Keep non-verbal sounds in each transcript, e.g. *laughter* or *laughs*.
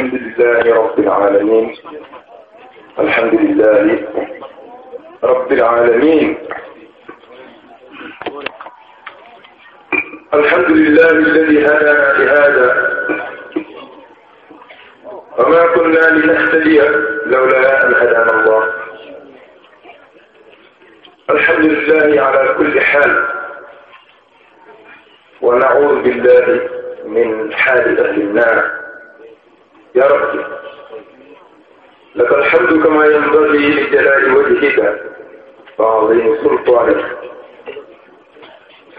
الحمد لله رب العالمين الحمد لله رب العالمين الحمد لله الذي هدانا لهذا وما كنا لنهتدي لولا أن هدانا الله الحمد لله على كل حال ونعوذ بالله من حال أهل النار يا ربي لك الحمد كما ينبغي لجلال وجهك وعظيم سلطانك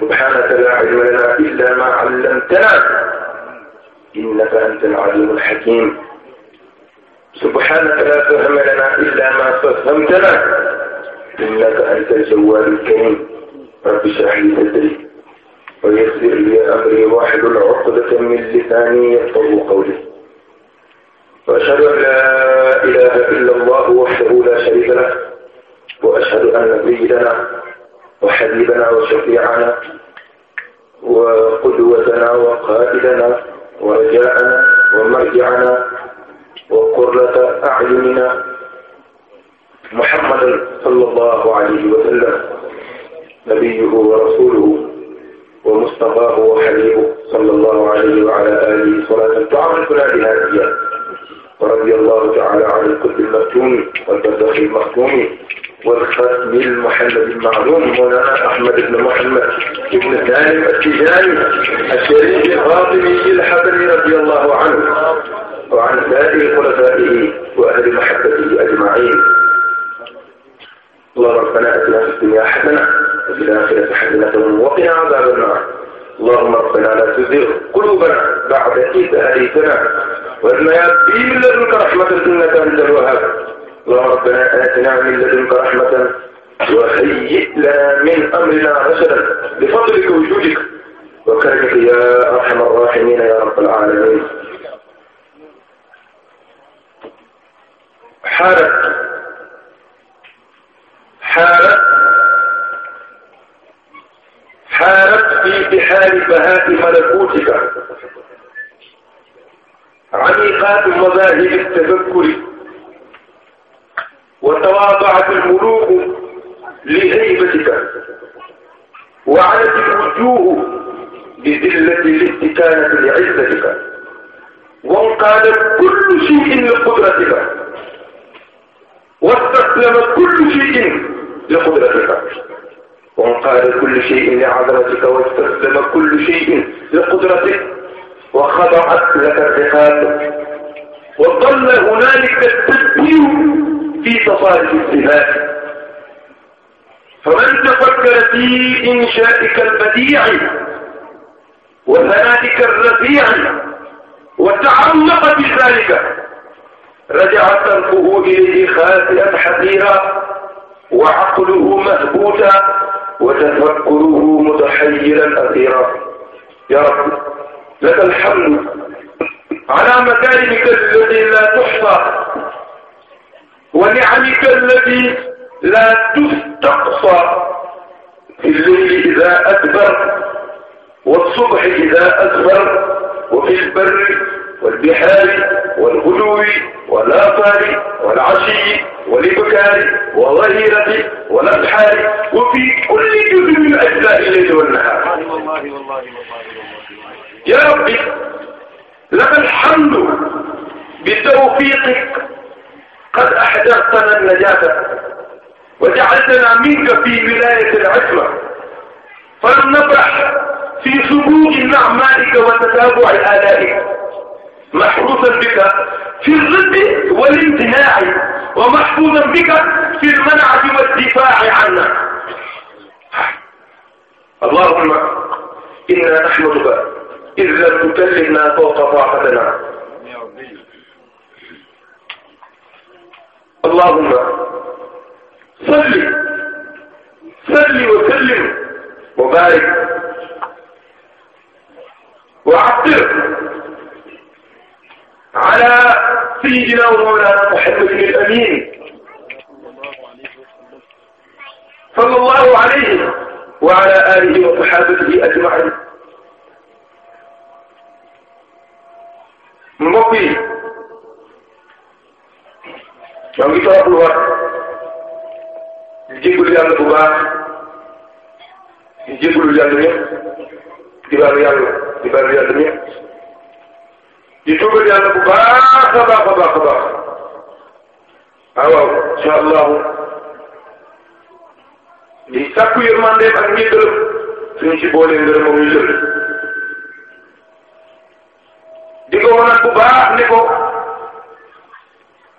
سبحانك لا علم لنا إلا ما علمتنا إنك أنت العليم الحكيم سبحانك لا فهم لنا إلا ما فهمتنا إنك أنت الجواد الكريم رب اشرح لي صدري ويسر لي أمري واحلل عقدة من لساني يفقه قولي وأشهد أن لا إله إلا الله وحده لا شريك له وأشهد أن نبينا وحبيبنا وشفيعنا وقدوتنا وقائدنا ورجاءنا ومرجعنا وقرة أعيننا محمدا صلى الله عليه وسلم نبيه ورسوله ومصطفاه وحبيبه صلى الله عليه وعلى آله صلاة تعرف لا بهادية ورضي الله تعالى عن القطب المكتوم والبزخ المكتوم والختم المحمد المعلوم مولانا احمد بن محمد بن سالم التجاني الشريف الفاطمي الحبري رضي الله عنه وعن سائر خلفائه واهل محبته اجمعين اللهم ربنا اتنا في الدنيا حسنه وفي الاخره حسنه وقنا عذاب النار اللهم اغفر لنا تزغ قلوبنا بعد إذ هديتنا وإذن يا من لدنك رحمة إنك أنت الوهاب اللهم ربنا آتنا من لدنك رحمة وهيئ لنا من أمرنا رشدا بفضلك وجودك وكرمك يا أرحم الراحمين يا رب العالمين حارت حارت حارب في بحار بهاء ملكوتك عميقات مذاهب التذكر وتواضعت الملوك لهيبتك وعلت الوجوه بذلة الاستكانة لعزتك وانقاد كل شيء لقدرتك واستسلم كل شيء لقدرتك وانقاد كل شيء لعذرتك واستسلم كل شيء لقدرتك وخضعت لك الرقاب وظل هنالك التدبير في تصارف الذهاب فمن تفكر في إنشائك البديع وثنائك الرفيع وتعمق بذلك رجع تركه إليه خاسئا حذيرا وعقله مهبوتا وتفكره متحيرا أثيرا يا رب لك الحمد على مكارمك الذي لا تحصى ونعمك التي لا تستقصى في الليل إذا أدبر والصبح إذا أدبر وفي البر والبحار والغدو والآثار والعشي والإبكار وظهيرة والأبحار وفي كل جزء من أجزاء الليل والنهار والله والله يا ربي لك الحمد بتوفيقك قد أحجرتنا النجاة وجعلتنا منك في ولاية العزمة فلم نفرح في سبوق نعمائك وتتابع آلائك محبوسا بك في الضد والامتناع ومحفوظا بك في المنعة والدفاع عنه اللهم إنا نحمدك إذ لم تكلمنا فوق طاقتنا اللهم صل صل وسلم وبارك وعطر على سيدنا ومولانا محمد الأمين صلى الله عليه وعلى آله وصحابته أجمعين mbokk yi ñoo ngi toog lu war di jégalu yàlla bu baax di jégalu yàlla ñëpp di baalu yàlla di baalu yàlla ñëpp di tuubal yàlla bu baax a baax a baax a baax ah waaw incha allahu di sàkku yërmandeem ak ñi gërëm suñ si boolee ngërëm moom di ko wanag bu baax ne ko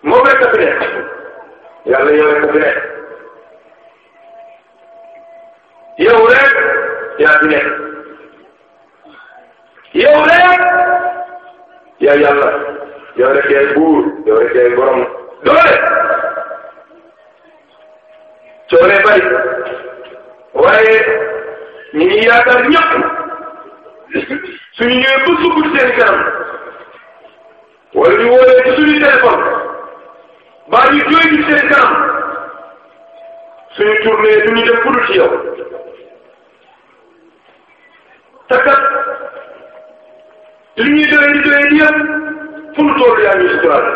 moom rek a fi nekk yàlla yow rek a fi nekk yow yaa yàlla yow rek yaay buur yow rek yaay borom doole coone bari waaye ñi ngi yaakaar ñëpp suñu ñëwee ba sukk seen kanam wala ñu woolee ci suñu téléphone baa ñu jooy ci seen kanam suñu tournée duñu def pour ci yow takat li ñuy doyee doyee yëpp fu mu toll yaa ngi suturaal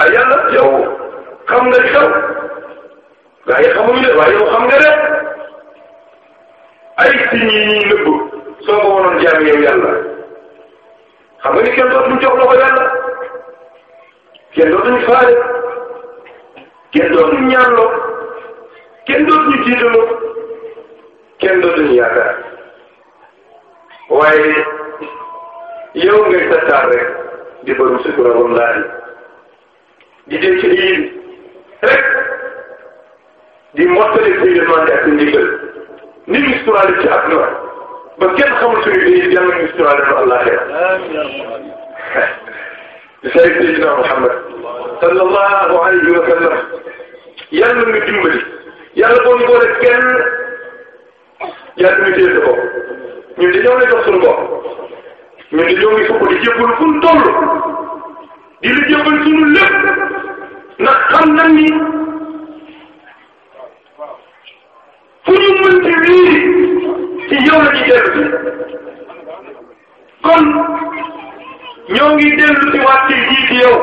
ah yàlla yow xam nga xew gaa yi xamuñu ne waaye yow xam nga de ay signes yi ñuy nëbb soo ko waroon jaam yow yàlla xam nga ni kenn dootuñu jox loxo yàlla kenn dootuñu faale kenn dootuñu ñaanloo kenn dootuñu tiitaloo kenn dootuñu yaakaar. waaye yow ngay tattaar rek di bëru sukuram laaj di dee ci lii rek di mottali suy demande ak ndigal ni misturaale ci àdduna ba kenn xamul suñu day yàlla misturaale fa àllaaxira say Seydina Muhammad sallallahu alayhi wa sallam yàlla ñu dimbali yàlla boo ñu boole kenn yàlla ñu téye sa ñun dañoo lay jox suñu bopp ñun dañoo ngi fukk di jébbal fu ñu toll di lépp ndax xam nañ ni fu ñu mënti lii ci yow la ñuy dellu si kon ñoo ngi dellu si waat ci lii ci yow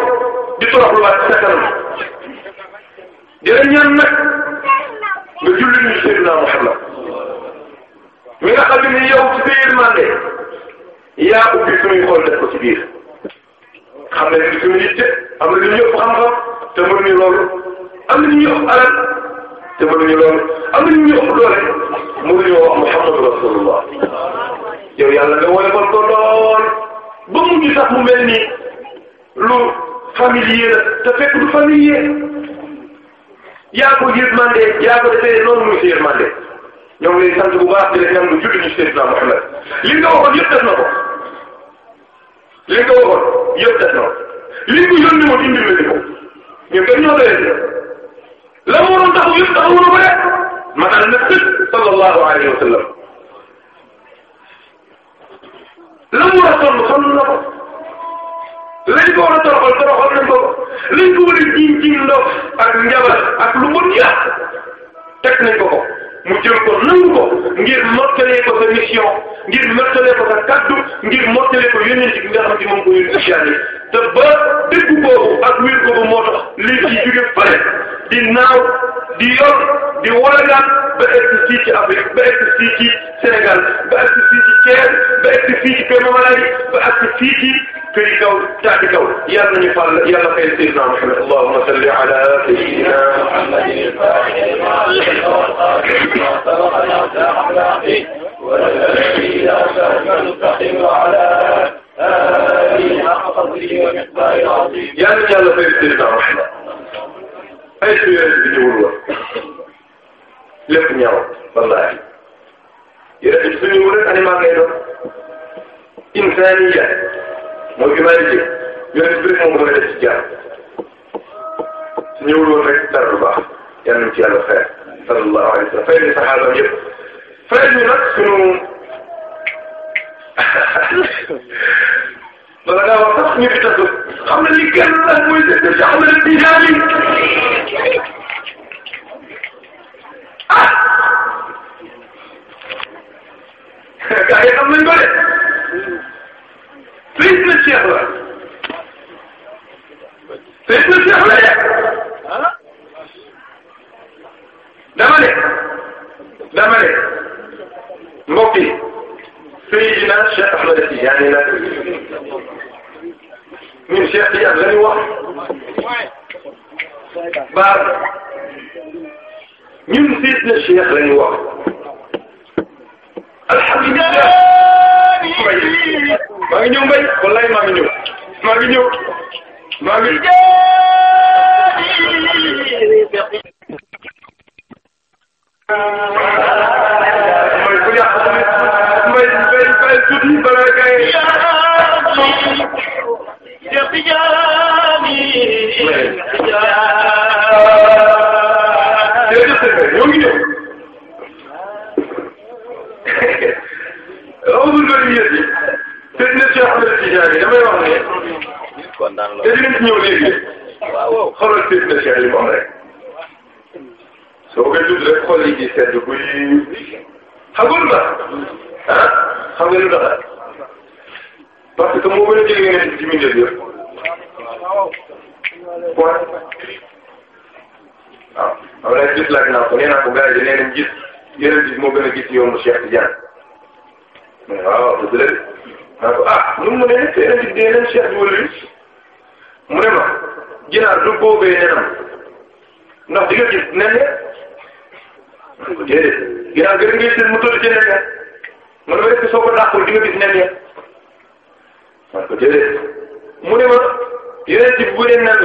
di toroxlu waat ci sa kanam di la nag nga julli ñu Seydina Muhammad mi nga xam ne ni yow ci biir mande yaa ubbi suñuy xool def ko ci biir xam nañ ni suñu yitte am na lu ñu xam-xam te mënuñu loolu am na ñu yëpp alal te mënuñu loolu am na ñu yëpp doole mënuñoo wax Muhammadu Rasulullah yow yàlla nga woyofal ko lool ba mujj sax mu mel lu familier la te fekk du familier yaa ko yërmande yaa ko defee noonu muy ñoo ngi lay sant bu baax di la ñaan lu julli ñu Seydina Muhammad li nga waxoon yëpp def na ko li nga waxoon yëpp def li nga yónni woon indi la di ko ñun kenn ñoo doyee mu waroon taxaw yëpp taxawul ko rek maanaam na tëj sallallahu alayhi wa sallam la mu war a sonn sonn na ko lañ ko war a toroxal toroxal nañ ko lañ ko war a jiñ jiñ ndox ak mu jël ko nangu ko ngir mottalee ko sa mission ngir mottalee ko kaddu ngir mottalee ko yónent bi nga xam ne moom ko yónni yàlla te ba dëggu boobu ak wér boobu moo tax lii ci fële di naaw di yor di walagaan ba egsi fii ci Afrique ba egsi fii ci Sénégal ba egsi fii ci Thiès këri kaw taati kaw yàlla nañu fal yàlla fay sayyidina Muhammad allahumma salli ala sayyidina Muhammadin yàlla yàlla fay sayyidina Muhammad ay su yore bi ñëwul woon lépp ñaaw wallaahi yore bi su ñëwul rek animal ngay doon insaaniya mooy ki may liggéey yooyu biir moom mooy def ci jàmm ñëwul woon rek dara lu baax yal nañu ci yàlla fayal sallallahu alayhi wa sallam fayal ñu saxaabam yëpp fayal ñu nag sunu *laughs* bala ngaa wax sax ñu fi tëdd xam na li kenn nag muy dëgg ci xam na li dijaal yi ah *laughs* gars yi xam nañ ko de sëñ la Cheikh la sëñ la Cheikh la yegg dama ne dama ne mbokk yi Seydina Cheikh Ahmed Tidiane la ñun Cheikh Tidiane la ñu wax baal ñun Seydina Cheikh la ñu wax. alhamdulilah. maa ngi ñëw mbay wallahi maa ngi ñëw maa ngi ñëw maa ngi. mbay bu yàq mbay mbay mbay tuuti balaa kay. jërëjëf ñoo ngi ñëw. amul loolu yëpp te dina ci xamal ci jaay damay wax ne. kontaan loolu te dina ci ñëw léegi. waaw xoolal ci dina ci xel yi moom rek. soo ko jublu rek xool yi ci sedd buy xagul ba ah xam nga lu tax parce que moo gën a jege ngeen ci mbir yëpp point waaw. Ah, am na gis laaj naa ko nee naa ko gars yi nee nañ gis. yeneen bi moo gën a gis yoonu Cheikh Tidiane mu ne waaw dëgg la de maa ko ah nu mu ne yeneen bi dee leen Cheikh bi wala mu ne ma ginaar du boobee nenam ndax di nga gis nen ya man ko mu toll ci ya man ma def soo ko dàqul di nga gis ya man ko déedéet mu ne ma yeneen bi bu dee nen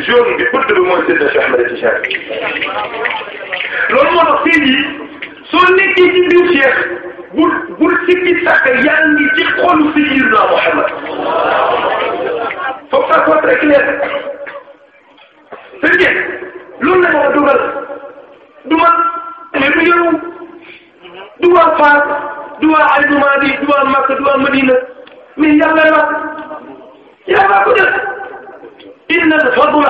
jaune bi bëtt bi mooy Seydina Cheikh Ahmed Tidiane loolu moo tax seen yi soo nekkee ci bul bul sikki sàkk yaa ngi ci xolu Seydina Mouhamed faut que ça soit très clair c'est bien loolu la ñu dugal du man mais du yow du waa Fass du waa Aydoumadi du waa Makka du waa Madina la ko def. إن الفضل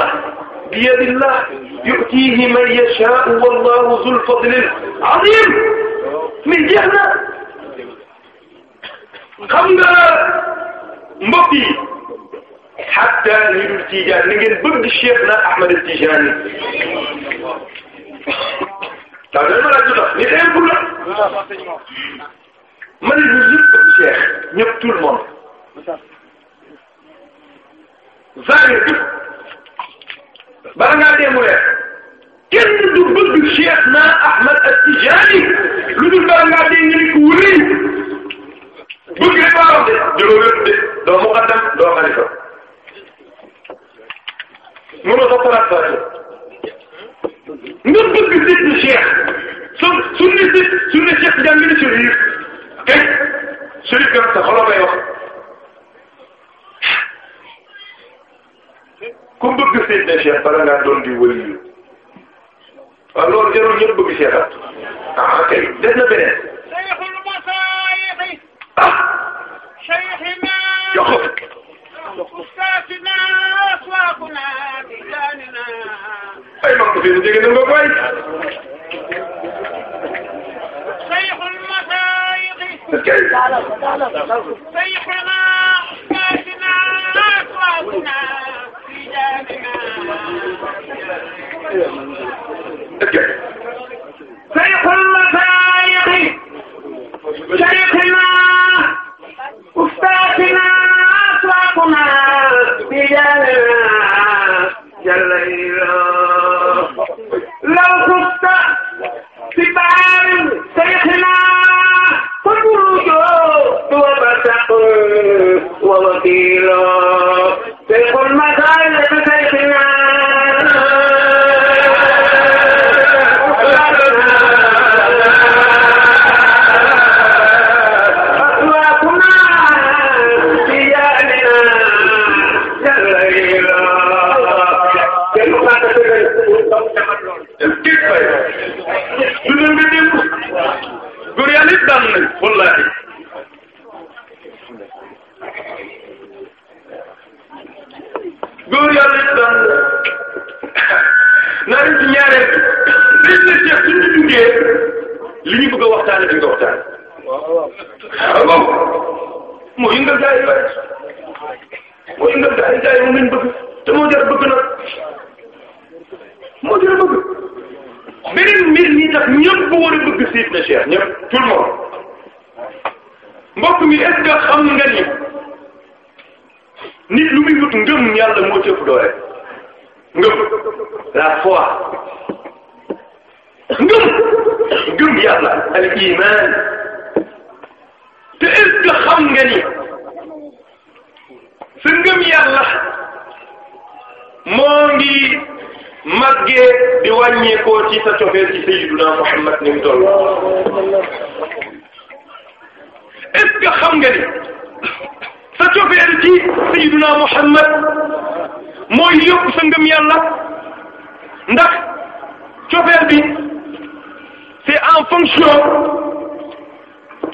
بيد الله يؤتيه من يشاء والله ذو الفضل العظيم min jeex na xam nga mbokk yi xatta ni dul Tijaan ni ngeen bëgg Cheikh na Ahmed Tijaan yi daa dana ma laaj lu tax ni tey pour la ma ne ñu ñëpp bëgg Cheikh ñëpp tout le monde zahir bala ngaa dee mu leer kenn du bëgg Cheikh na Ahmad At-Tijani lu dul bala ngaa dee nga ni ko wëri bëgg rek laa wax de jëloo wér de doo muqaddam doo xalifa mënoo sa translation nga bëgg sit ni Cheikh su su ni sit su ni Cheikh jàng ni Chérif kay Chérif kan sa xolo koy wax ku bëgg Seydina Cheikh bala ngaa doon di wëliyu waaw loolu jarul ñëpp bëgg Cheikh ah ah kay des na beneen ah jox ko ay ma ko fi jege na nga koy سيحنا أحفادنا أكوابنا في جامنا شيخ المشايخ شيخنا أستاذنا أسواقنا في جامنا جل إله لو كنت في بال شيخنا ومتقا ووكيلا laa dem ci ñaareel bi dañ la seet suñu duggee li ñu bëgg a waxtaane dañ ko waxtaane waaw waaw moo yëngal gaa yi waaye moo yëngal gaa yi gaa yi moom lañ bëgg te moo jar bëgg nag moo jar bëgg beneen mbir ñi tax ñëpp war a bëgg siif na cher ñëpp tout le monde mbokk mi est ce que xam nga ni nit lu muy wut ngëm yàlla moo ci ëpp doole ngëm la foi ngëm ngëm yàlla al iman te est-ce que xam nga ni sa ngëm yàlla moo ngi màggee di wàññeekoo ci sa cofeel ci sayyiduna Muhammad ni mu toll est-ce que xam nga ni sa cofeel ci sayyiduna Muhammad mooy yóbbu sa ngëm yàlla ndax cofeel bi c'est en fonction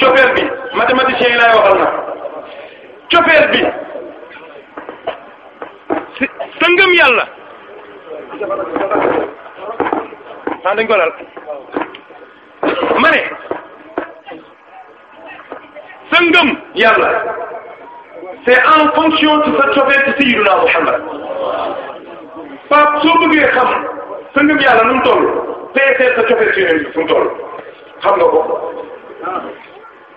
cofeel bi mathématicien yi laay waxal na cofeel bi sa ngëm yàlla ah dañ ko lal ma ne sa ngëm yàlla c'est en fonction ci sa cofee ci Sayyidina Muhammad Pape soo bëggee xam sa ngëm yàlla nu mu toll peesee sa cofee ci yonent bi fu mu toll nga ko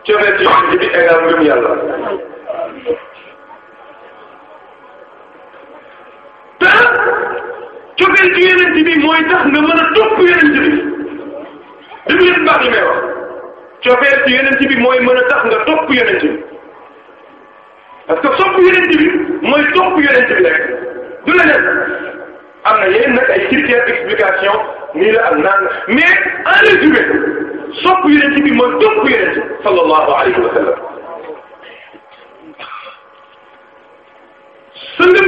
cofee ci yonent bi égal ngëm yàlla te cofee ci yonent bi mooy tax nga mën a topp yonent bi déglu yéen baax yi may wax cofee bi mooy mën a nga topp yonent bi parce que sopp yonent bi mooy topp yonent du la nen am na yeneen nag ay critères explication nii la ak naan mais en résumé sopp mooy topp yonent bi sallallahu alayhi wa sallam sa ngëm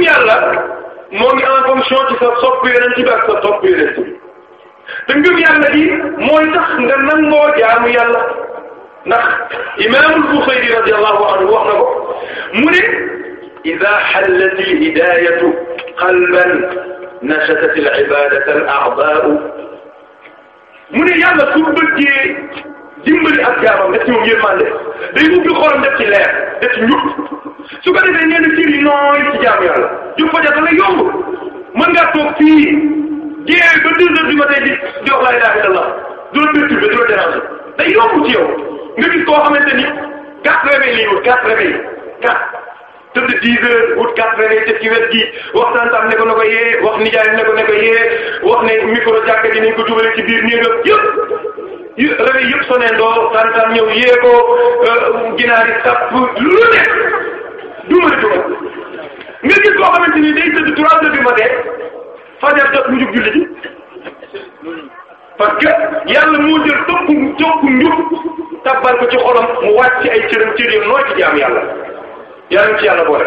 ngi en fonction ci sa sopp yonent bi ak sa topp yonent bi gi mooy tax nga nangoo jaamu yàlla ndax imaamul Buxayri radiyallahu anhu wax na ko mu ne ida xallat alhidayatu qalban nashatat alibadata alacdaau mu ne yàlla su bëggee dimbali ak jaamam def ci moom yërmande day ubbi xolam def ci leer def ci njub su ko defee nee na cër yi nooy ci jaam yàlla jub fa jàpp la yomb mën ngaa toog fii jeex ba deux heures du matin di jox laa ilaha illallah du la perturbé du la déranger day yomb ci yow nga gis koo xamante ni quatre réveils lay wut quatre réveils quatre tëdd dix wut quatre réveils te ci wet gi wax tam ne ko na wax nijaay ne ko ne ko wax ne micro jàkka ji nañ ko jubale ci biir néegam yëpp yu réveil yëpp sonné ndoo tantam ñëw ko euh, ginaari sap lu nekk duma la duma nga gis koo xamante ni day tëdd trois heures du matin fajar parce que yàlla jël topp topp njub tabbal ko ci xolam mu wàcc ci ay cëram cër yam nooy ci jaam yàlla ci yàlla boole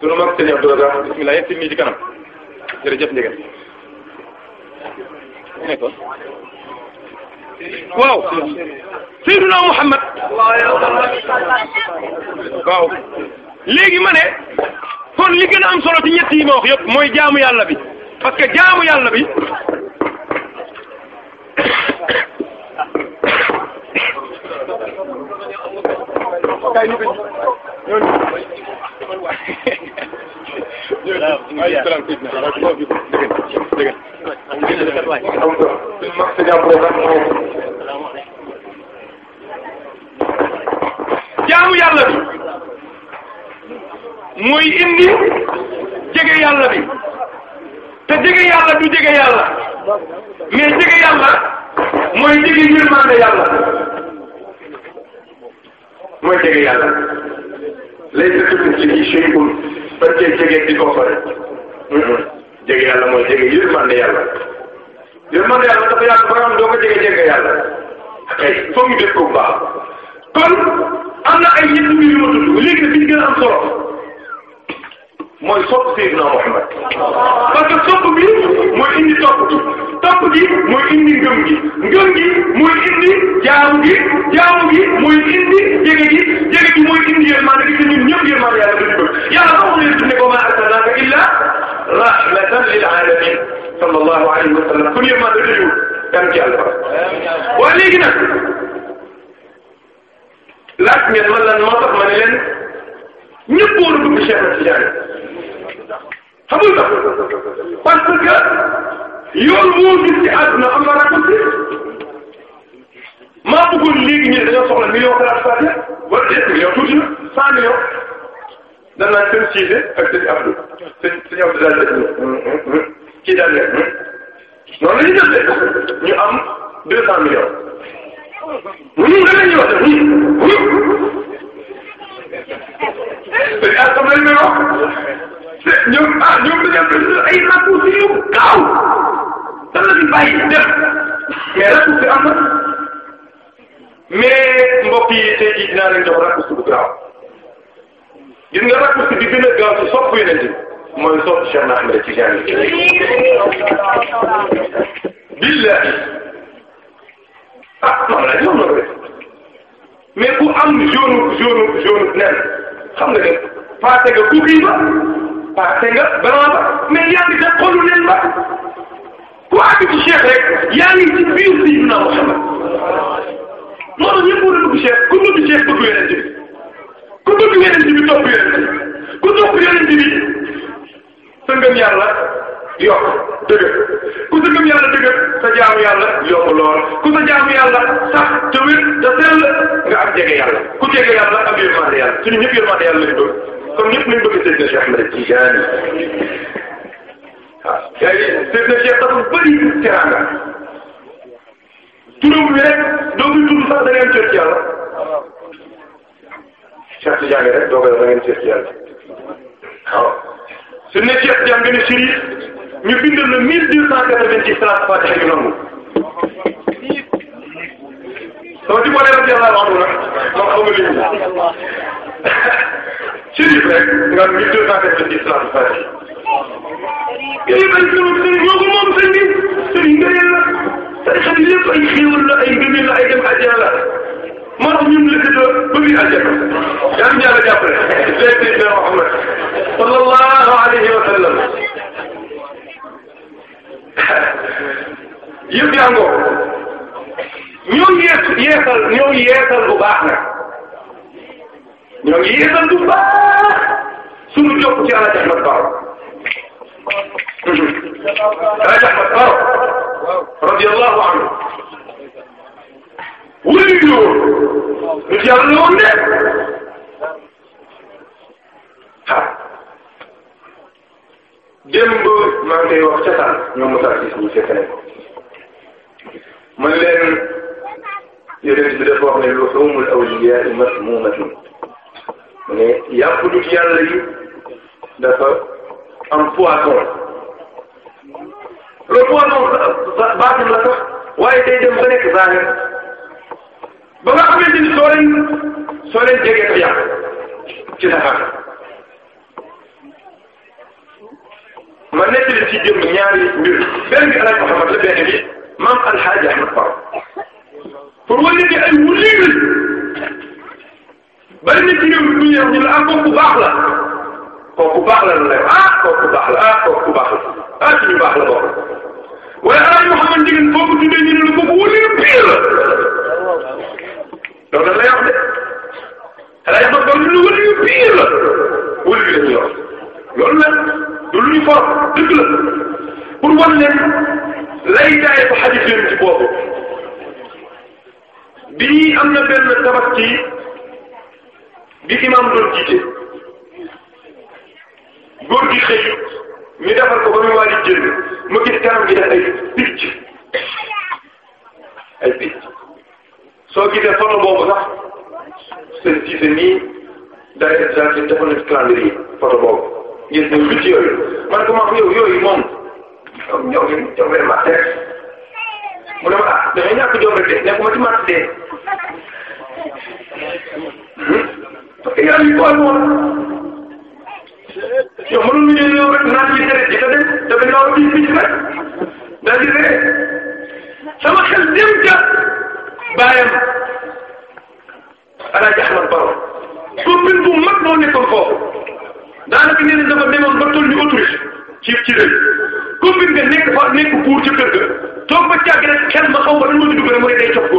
sunu mag sëñ Abdou Razak bismillah yegg si nii ci kanam jërëjëf Ndiaga waaw Seydina Muhammad waaw léegi ma ne kon li gën solo ci ñett yi ma mooy jaamu yàlla bi parce jaamu yàlla bi mooy indi jege yàlla bi te jege yàlla du jege yàlla mais jege yàlla mooy jege yërmande yàlla mooy jege yàlla laysa kamithlihi shay'un parce que jege di ko xore mm-hmm. jege yàlla mooy jege yërmande yàlla yërmande yàlla dafa yàgg ba am doo ko jege jege yàlla kay foog ñu def ko bu baax kon am na ay ñett yu ñu ma tudd léegi nag bi ñu gën a am solo mooy sopp Seydina Muhammad parce que sopp bi mooy indi topp topp gi mooy indi ngëm gi ngëm gi mooy indi jaamu gi jaamu gi mooy indi jege gi jege gi mooy indi yërmande gi te ñun ñëpp yërmande yàlla dañu bëgg yàlla wax leen ne ko ma arsalnaaka illa rahmatan lil alamin sallallahu alayhi wa sallam kon yërmande dañu kan ci yàlla waaye léegi nag laaj ngeen man lan moo tax ma ne leen ñëpp war a bëgg Cheikh Tidiane xamul nga parce que yoon woo gis ci àdduna am na raccourci maa bëggoon léegi ñu ne dañoo soxla million trente trois wala des millions tuuti na cent millions dañ naan seen siise ak seen abdou seen seen abdou daal de kii daal de noonu la ñuy jëndee ñu am deux cent millions. dañuy ànd ak lañu wax te ñoom ah ñoom dañoo ay nappus yu gaaw dana la fi bàyyi def mais raccourci am na mais mbokk yi tey jii dinaa leen jox raccourci bu gaaw gis nga raccourci bi gën a gaaw ci soppi yeneen yi mooy soppi Cheikh Ahmed Tidiane billahi ah non la ñu mais ku am jaune jaune jaune nen xam nga ne passé nga kukii ba passé nga blanc ba mais yaa ngi def xolu nen ba ku àgg ci Cheikh rek yaa ngi ci biir Sayyidina Muhammad moo tax ñëpp war a dugg Cheikh ku dugg Cheikh bëgg Yonent bi ku bëgg Yonent bi topp Yonent bi ku topp Yonent bi sa ngëm yàlla yokk dëgër ku sa gëm yàlla dëgër sa jaamu yàlla yokk lool ku sa jaamu yàlla sax te wér te sell nga am jege yàlla ku jege yàlla am yërmande yàlla suñu ñëpp yërmande yàlla lañ bëgg comme ñëpp lañ bëgg Seydina Cheikh Ahmed Tidiane waaw yaa ngi Seydina Cheikh dafa bëri teraanga turam bi rek doo koy tudd sax da ngeen cër ci yàlla Cheikh Tidiane rek doo koy da ngeen cër ci yàlla waaw Seydina Cheikh Tidiane gën a ñu bindal la mille deux cent quatre-vingt-six salaatu faatiha ñu nangu. donc ci côté rajo Jalla Lamou nag moom xam nga li mu ci lii rek nga am mille deux cent quatre-vingt-six salaatu faatiha. yooyu ay sëriñ sëriñ moo ko moom sëriñ bi sëriñ gëneel la say xarit lépp ay xéewal la ay ngëneel la ay dem àjjana la moo tax ñun lëkkaloo ba muy àjjana yaa ngi jàll jàppale léegi dina wax nag sallallahu alayhi wa sallam yëpp yaa ngoo ñoo yees yeesal ñoo yeesal bu baax nag ñoo yeesal bu baax suñu jokk ci Alaaji Ahmad Baro Alaaji Ahmad Baro radiyallahu anhu wuli yoo ñu yàlla woon de démb maa ngi koy wax ca sànq ñoom Moussa Cissé ñu fekk nañ ko man leen yonent bi dafa wax ne luhumul awliyaa masmuumatun mu ne yàpp nit yàlla yi dafa am poisson le poisson baatin la sax waaye day dem ba nekk zaahir ba nga xamante ni soo leen soo leen jegee ko yàq ci saxaar ma nettali ci jëm ñaari mbir benn bi alaaj Muhammad la benn bi maam alxaaji Ahmad Baro pour wane ni ay wuliir bari na ci réew mi ñu la ah kooku baax la kooku baax la la lay ah kooku baax la ah kooku baax la ah suñu baax la bokk waaye alaaj Muhammad Ndieguene boo ko tuddee ñu ne la kooku wuliir pire la loolu la lay wax de alaaj Ahmad Baro ñu ne wuliir pire la wuliir la ñu yor loolu nag du luy for dëgg la pour wan lay jaay ba xadis yéen ci boobu bii am na benn tabaski bi imam doon jiite góor gi xëy ñu defar ko ba muy waaj a jënd ma gi def ay picc ay picc boobu sax seen gisee nii day daal di defal na ci calendrier photo boobu. yéen ñëw ñu ci yooyu man ko ma yow yooyu moom ñoom ñoom ñoom ñoom ñoom ma teg mu ne ma ah da ngay ñàkk jom rek de nekkuma ci marché de parce que yàlla ñu ko woon woon yow mënul ñu ñëw rek naan ci tere ji te dem dafa ñëw ci ci rek daal di ree sama xel dem ca bàyyam ala jaxmal baro bu mag moo nekkoon foofu daanaka nee nañ dafa demoon ba toll ñu autorisé ci ci rëy commune nga nekk fa nekk buur ca kër ga toog ba càgg rek xel ma xaw ma lan moo ci dugg rek mooy day cof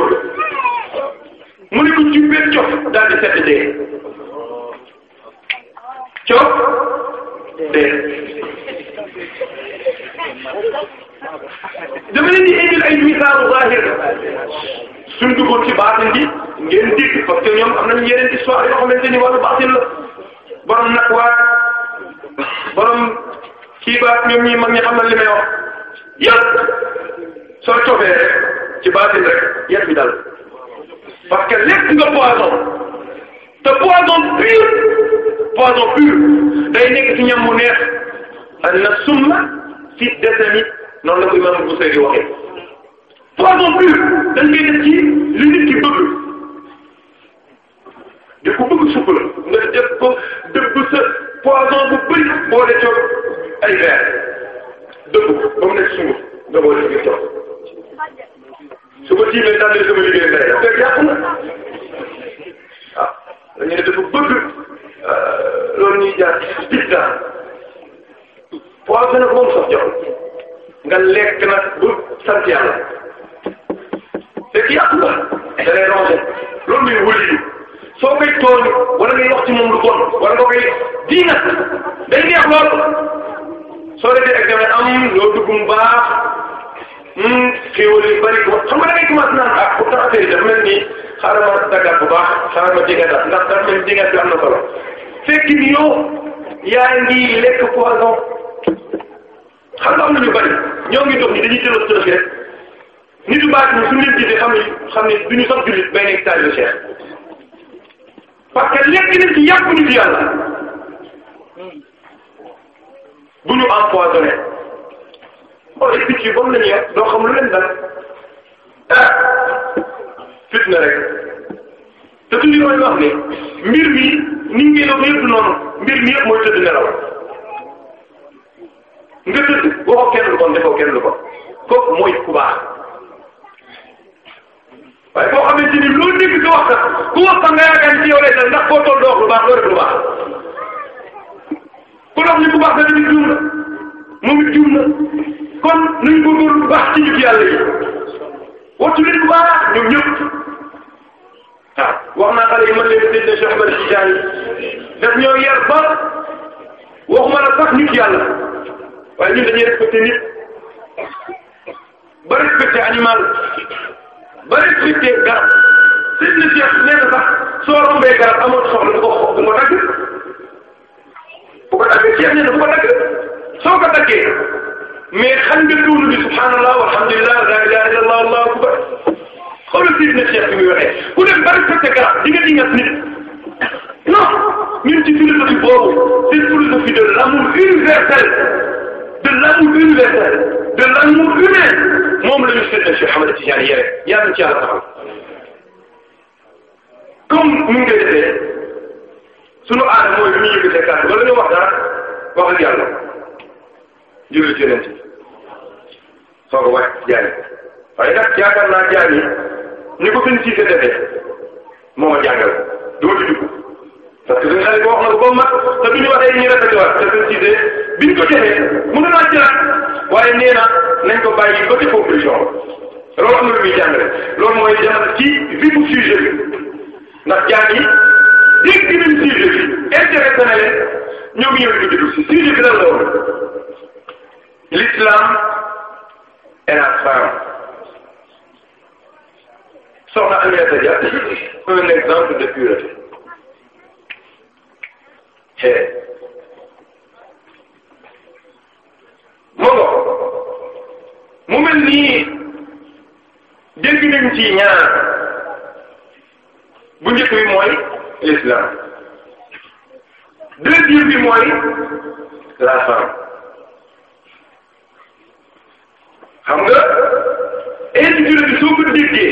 ne ko jubbeen cof daal di sett dee cof di indil ay misaalu zahir suñ duggoon ci baatin gi ngeen dégg parce que ñoom am nañ yeneen histoire yoo xamante ni wàllu baatin la borom nag waat borom kii baat ñoom ñii mag ñi xam na li may wax yàq soo cofee ci baatin rek yàq bi dal parce que lekk poison te poison pur poison pur day nekk ci ñam mu neex an summa fi desami noonu la ko imam Busiri waxee poison pur dañ koy def ci li nit ki bëgg di ko bëgg suuf la nga jël ko dëbb sa poison bu bëri boole coog ay verre dëbb ba mu nekk sunguf nga boole ci biir tool su ko tiimee daal di sama liggéey mbay yow fekk yàqu na waaw ah, dañu ne dafa bëgg euh, loolu ñuy jaar biir daal poison nag moom sax jox nga lekk nag bu sant yàlla fekk yàqu na da ngay rongé loolu muy wëli soo koy tooñ wala ngay wax ci moom lu bon wala nga koy diina day neex lool soo defee examen am loo dugg mu baax hmm, xéwal yu bari ko xam nga da ngay commencé naan ah pourtant affaire yi ni xaaral ma daggaat bu baax xaaral ma jégaat ndax dafa mel ni jégaat bi am na solo fekk ni yow yaa ngi lekk poison xam nga am na ñu bari ñoo ngi dox ni dañuy jëloon jëloon rek nit yu baax ñi suñu ni xam ni duñu sax jullit bay nekk taalibe Cheikh parce que lekk nit ñi yàqu nit yàlla bu ñu empoisonné xoolal picc yi boobu la ñuy doo xam lu leen dal ah fitna rek te tuuti mooy wax ne mbir mi niñ koy doon yëpp noonu mbir mi yëpp mooy tëdd nelaw nga tëdd waxoo kenn lu bon defoo kenn lu bon kooku mooy ku baax. waaye boo xamante ni loo dégg nga wax sax ku wax sax nga yaakaar ci yow lay ndax koo toll doo wax lu baax doo def lu baax ku dox ñu bu baax dana nit juum na moom it juum na kon nañ góorgóorlu bu baax ci nit yàlla yi wattu leen bu baax ñoom ñëpp waaw ah, wax naa xale yi man leen di déglu Cheikh Ahmed Tidiane daf ñoo yar ba waxuma la sax nit yàlla waaye ñun dañuy respecté nit ba respecté animal ba leen fi dee garab sëñ na jeex sax soo rombee garab amoon soxla du ko xool du ko bu ko daggee jeex nee na bu ko dagg soo ko daggee mais xam nga bi subhanallah walhamdulillah la ilaha illallah allahu akbar xoolal sëñ na jeex bi muy waxee ku dem ba respecté garab di nga dingat nit non ñun ci philosophie boobu c'est philosophie de l'amour universel de de l'amour humain moom la ñu seetal Cheikh Ahmed Tidiane yéen yàlla na ci yàlla taxaw comme ni nga defee sunu aada mooy li ñu yëkkatee kàddu wala ñu wax dara wax ak yàlla jëlee ci yeneen ci soo ko wax jaay waaye nag yaakaar naa jaay ñi ko fi ñu siy defee moo ma jàngal doo ci dugg. parce que suñu xale bi wax na ko ba mat te duñu waxee ñu rafetluwaat te suñu gisee biñ ko joxee mënu naa jëlaat waaye nee na nañ ko bàyyi ba ci conclusion loolu am na lu muy jàngale loolu mooy jàngale ci vivu sujet bi ndax jàng yi dégg nañ sujet bi intéressé na leen ñoo ngi ñëw di dugg si sujet bi lan la woon l'islam et la femme soxna Aminata Dia un exemple de pureté mu ngo mu mel nii dégg nañ ci ñaar bu njëkk bi mooy l'islam deuxième bi mooy la femme xam nga intitulé bi soo ko déggee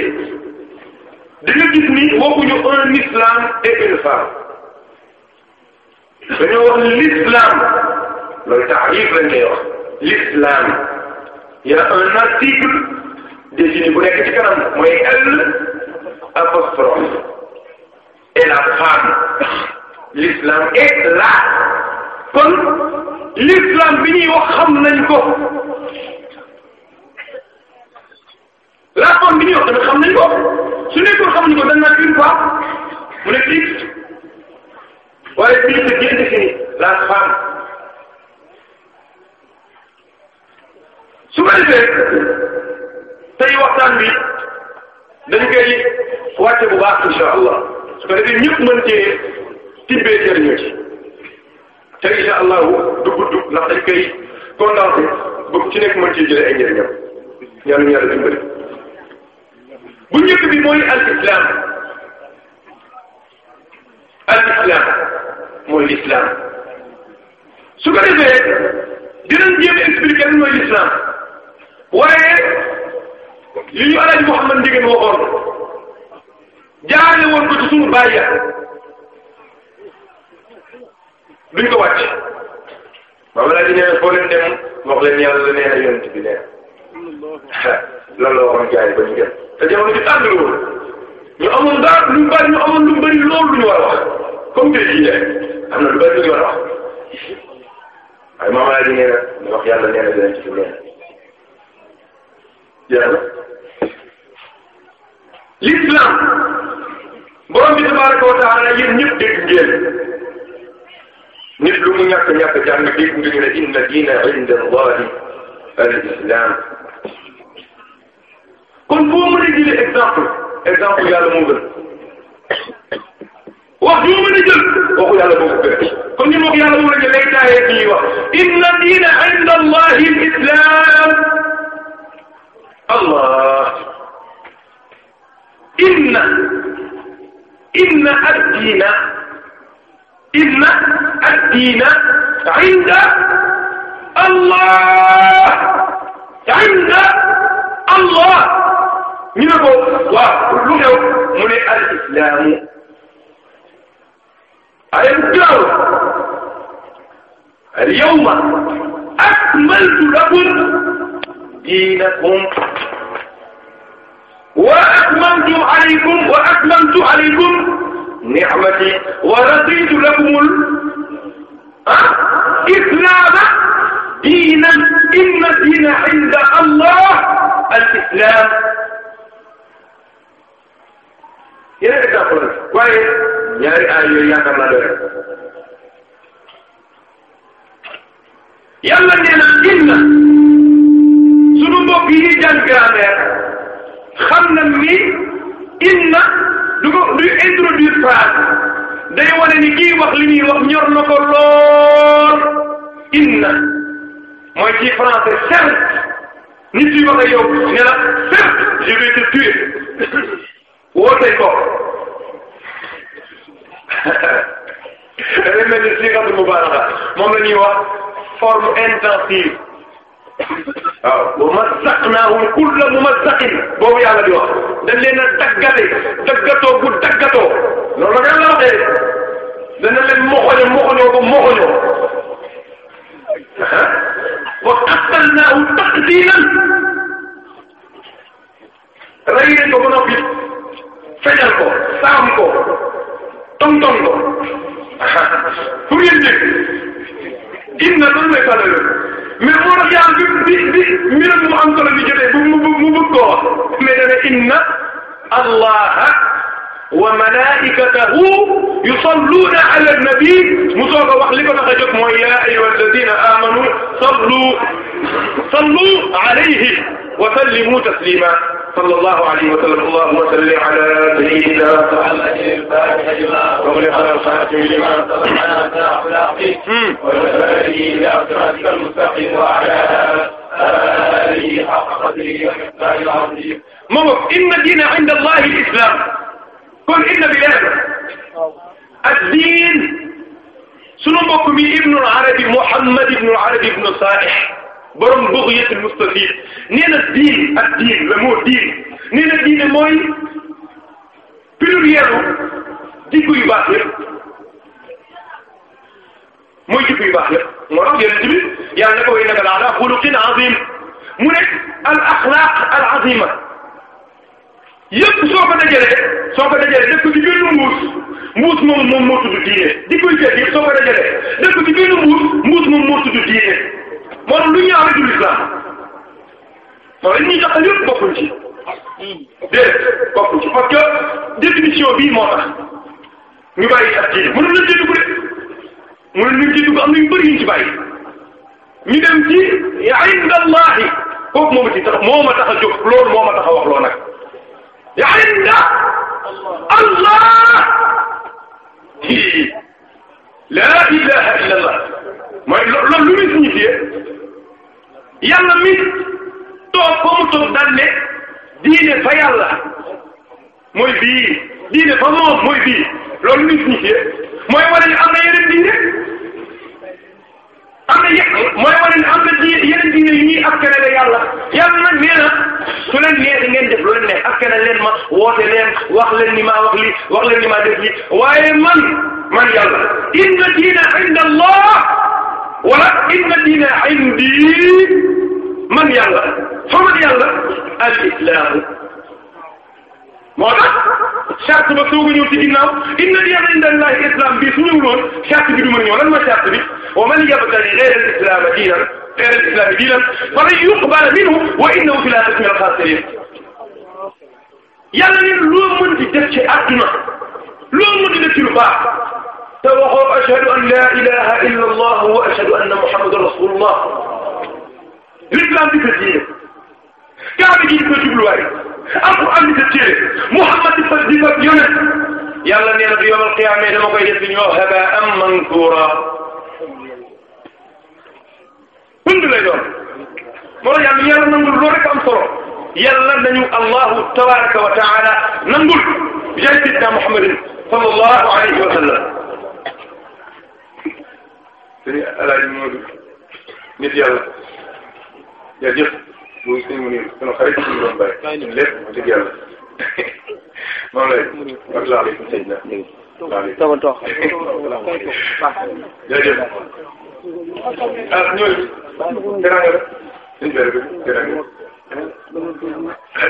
di nga gis ni waxuñu un islam et une femme dañoo l'islam loolu taarif lañ l'islam y a un article bu nekk ci kanam mooy L apostrophe et la l'islam est là kon l'islam bi ñuy wax xam nañ ko la femme bi ñuy wax tamit nañ ko su nekkul xam nañ ko dañ naan une mu nekk waaye bii de génn si la femme su ma defee tey waxtaan bi dañ koy wàcce bu baax incha allah su ko defee ñëpp mën cee tibbee jëriñoo ci te incha allah du gudd ndax dañ koy condensé ba ku ci nekk mën cee jëlee ay njëriñam ñaanu ñaar dimbali bu bi mooy al islam l'islam su ko defee dinañ jéem expliquer lan mooy l'islam waaye li ñu alaji Muhammad Ndieguene waxoon jaarale woon ko ci suñu bàyyi duñ ko wàcc maam laa ji nee foo leen dem wax leen yàlla nee na yonent bi nee loolu *laughs* la waxoon jaay ba ñu dem te jamono ji tànn loolu ñu amoon daal lu bari ñu amoon lu bari loolu lu ñu war a wax comme tey jii am na lu bëri lu ñu war a wax waaye maam laa ji nee na ñu wax yàlla na dinañ ci fi nee na l'islam borom bi tabaraka wa taala yéen ñëpp dégg ngeen nit lu mu ñàkk ñàkk jàng dégg nga ñu ne inna diina inda allahi al islam kon foo mën a jëlee exemple exemple yàlla moo gën wax yoo mën a jël waxu yàlla boobu bëri comme ni ma ko yàlla moom la jëlee taayee bi ñuy wax inna diina inda allahi lislam allah inna inna addiina inna addiina inda allah inda allah ñu ne ko waaw lu xew mu ne al islaamu الدار اليوم أكملت لكم دينكم وأتممت عليكم وأتممت عليكم نعمتي ورضيت لكم الإسلام دينا إن الدين عند الله الإسلام yeneen exemple la waaye ñaari aay yooyu yaakaar naa doy yàlla nee na inna sunu yi ñuy jàng grammaire na ni inna du ko du introduire day wane ni kii wax li ñuy wax ñor inna mooy ci français certes nit yi wax ak yow ne la certes je woote ko dañu mel ni siixatu mubaaraqa moom la ñuy wax forme intensive waaw wa mazzaqnaahum kulla mumazzaqin boobu yàlla di wax dañ leen a daggate daggatoo bu daggatoo loolu la la waxee dana leen moxoño moxoñoo bu moxoñoo wa qattalnaahum taqdiilan rey nañ ko ba noppi fegal ko saam ko tong-tong ko *laughs* pour ngeen dégg inna loolu lay fàttali mais moo tax yàlla bi bi bi mbiram mu am solo bi jotee bu mu mu bëgg koo wax mais dana inna allaha wa malaikatahu yusalluuna ala nabi mu soog a wax li ko tax a jóg mooy yaa ayyuha alladina amanu sallu sallu alayhi wa sallimu taslima sallallahu alayhi wa sallam allahumma salli ala sayyidina wa ala alihi moom inna diina inda allahi al-islam kon inna bi leer ak diin sunu mbokk mi ibnu arabi muhammad ibnu arabi ibnu saalih borom bughyatul mustafid nee na diin ak diin le mot diin nee na diine mooy plurielu jikko yu baax yëpp mooy jikko yu baax yëpp moo tax yonent bi yàlla ne ko innaka la ala xuluqin azim mu ne al axlaaq al azima yépp soo ko dajalee soo ko dajalee def ko ci benn mbuus mbuus moom moom moo tudd diine di koy jël yëpp soo ko dajalee def ko ci benn mbuus mbuus moom moo tudd diine moom lu ñaaw rek du lislaam mooy li ñuy tax yëpp bokkuñ ci déet bokkuñ ci parce que définition bii moo tax ñu bàyyi sax diine mënoon nañ ci dugg de mënoon nañ ci dugg am na yu bëri yu ñu ci bàyyi ñu dem ci indallahi kooku moo ma ci tax moo ma tax a jóg loolu moo ma tax a wax loo nag. yàlla allah la ilaha illallah mooy loolu lu muy signifié yàlla mi toog ba mu toog daan ne diine fa yàlla mooy bii diine fa moom mooy bii loolu lu muy signifié mooy wane ne am na yeneen diine am na yëpp mooy wane ne am na di yeneen diine yu ñuy askanale yàlla yàlla nag nee na su leen neexee ngeen def lu leen neex askanal leen ma woote leen wax leen ni maa wax li wax leen ni maa def li waaye man man yàlla inna diina inda allah wala inna diina indi man yàlla fa man yàlla al islaam moo tax charte ba sooga ñëw ci ginnaaw inna diina inda allahi islam bii su ñëwuloon charte bi du mën a ñëw lan mooy charte bi wa man yabtaghi ghayra al-islam diinan ghayra al-islam diinan falan yuqbala minhu wa innahu fil aakhirati min al-khasirin yàlla ne loo mën di def ci adduna loo mën di def ci lu baax te waxoo ashhadu an la ilaha illa allah wa ashhadu anna muhammadan rasulullah l'islam di ko diine kaaba gi di ko jubluwaay alquran di sa téere Muhammad di fa di fa yonent yàlla nee na bi yowmal qiyaama dama koy def li ñuy wax habaa'an mansuura pënd lay doon moo yàlla yàlla nangul loolu rek am solo yàlla nañu allahu tabaraka wa taala nangul yaay sidna Muhammadin sallallahu alayhi wa sallam sëñ Alaaji Moodu nit yàlla jërëjëf muy suñu mu nii sunu xarit suñu doon bàyyi lépp dëgg yàlla moom lay asalaamaaleykum sëñ na ñu ngi toog toog jërëjëf ah ñooñu teranga la suñu bere bi teranga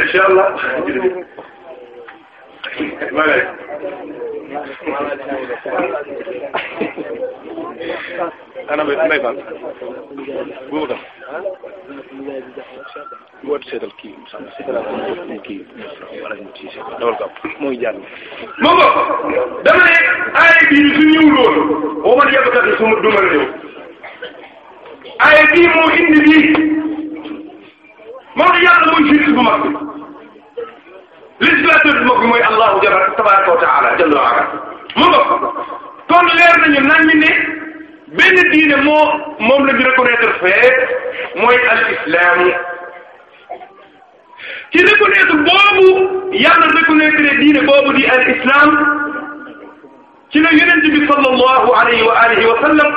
incha allah Vale. ana Mbaye Fall boobu tam boo seetal kii seetal kii wala ñu ci seetal dawal gàpp mooy jàng ma ko dama ne aay bii su ñëwul woon boo man yàgg kat su ma du ma la ñëw aay bii moo indi bii moom yàlla mooy firi bu mag bi législateur bi bi mooy allahu jaba tabaraka wa taala jalla wa ala mu nga kon leer nañu nañu ne benn diine moo moom la ñu reconnaître fee mooy al islam ci reconnaître boobu yàlla reconnaître diine boobu di al islam ci la yonent bi sallallahu alayhi wa alihi wa sallam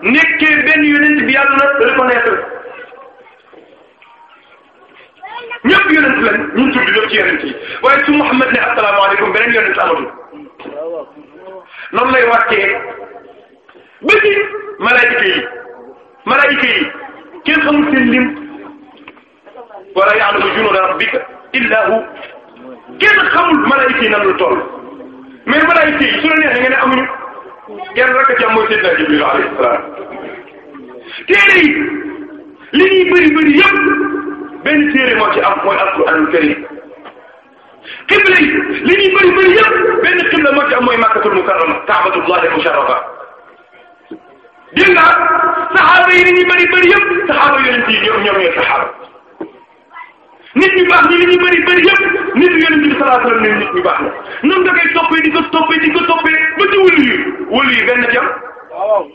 nekkee benn yonent bi yàlla reconnaître ñëpp yonent lañ ñu ngi tudd ci yonent yi waaye su Muhammad ne asalaamaaleykum beneen yonent amatul noonu lay wàccee ba ci malaayika xamul seen wala ya'lamu junuuda rabbika illaa hu xamul malaayika yi nan lu toll mais malaayika yi su la neexee nga ne amuñu kenn rek a ci am mooy Seydina Jibril benn téere moo ci am mooy alquranul karim xibla yi li ñuy bëri bëri yëpp benn xibla moo ci am mooy makkatul mukarrama kaabatullahi musharrafa dégg nga saxaaba yi li ñuy bëri bëri yëpp saxaaba yonent yi ñoom ñoom ñooy saxaaba nit ñu baax ñi li ñuy bëri bëri yëpp nit yonent bi sallallahu alayhi wasallam nit ñu baax la ñoom da koy toppee di ko toppee di ko toppee ba ci wëlu yi wëlu yi benn jam waaw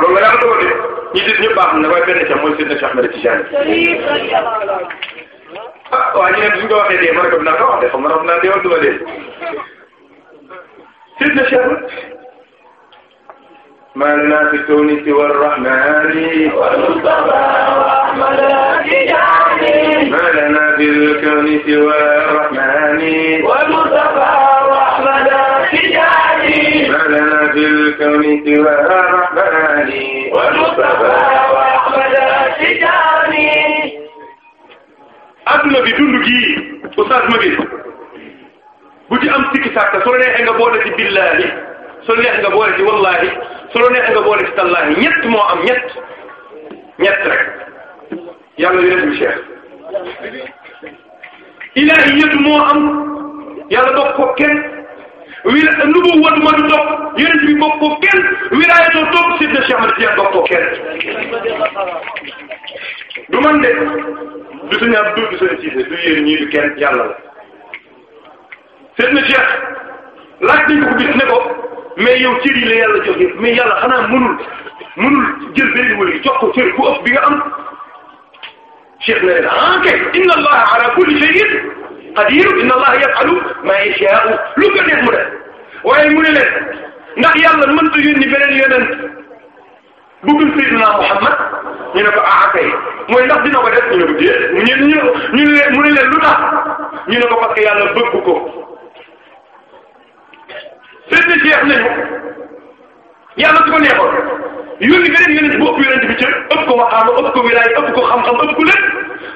loolu la yàlla dogal de ñi gis ñu baax na waaye benn ca mooy Seydina Cheikh Ahmed Tidiane ah waa ñu ne suñ ko waxee dee ma ne ko dinaa ko wax de xam nga dafa naa dee wala du ma dee Seydina Cheikh ما لنا في الكون سوى الرحمن والمصطفى واحمد تجاني ما لنا في الكون سوى الرحمن والمصطفى واحمد تجاني ما لنا في الكون سوى الرحمن والمصطفى وأحمد الشجاني adduna bi dund gii oustaz Mabir bu ci am sikki sàkka soo neexee nga boole ci billaahi soo neexee nga boole ci wallaahi soo neexee nga boole tallaahi ñett moo am ñett ñett rek yàlla yonent bi cheikh ilaahiyatu moo am yàlla bokk ko wila nubu wadu ma du topp yonent bi bopp ko kenn wilaayatoo topp sidna Cheikh Ahmad Tidiane bopp ko kenn du man de du suñu ab du du suñu siise du yéen ñii du yàlla la sidna Cheikh laaj nañ ko gis ne ko mais yow cër yi la yàlla jox yëpp yàlla xanaa mënul mënul jël benn wala jox ko cër bu bi nga am Cheikh na leen ah kay inna allaha ala kulli shay'in qadiru inna allaha yafalu ma yashaa'u lu ko neex mu def waaye mu ne leen ndax yàlla mënta yónni beneen yonent bëggul sayyidina Muhammad ñu ne ko ah, ah kay mooy ndax dina ko def ñu ne ko déet ñu ne ñu ñu ne mu ne leen lu tax ñu ne ko parce que yàlla bëgg ko seen jeex nañu yàlla su ko neexoon yónni beneen yonent bu ëpp yonent bi ci ëpp ko maqaama ëpp ko wilaay ëpp ko xam-xam ëpp ko lépp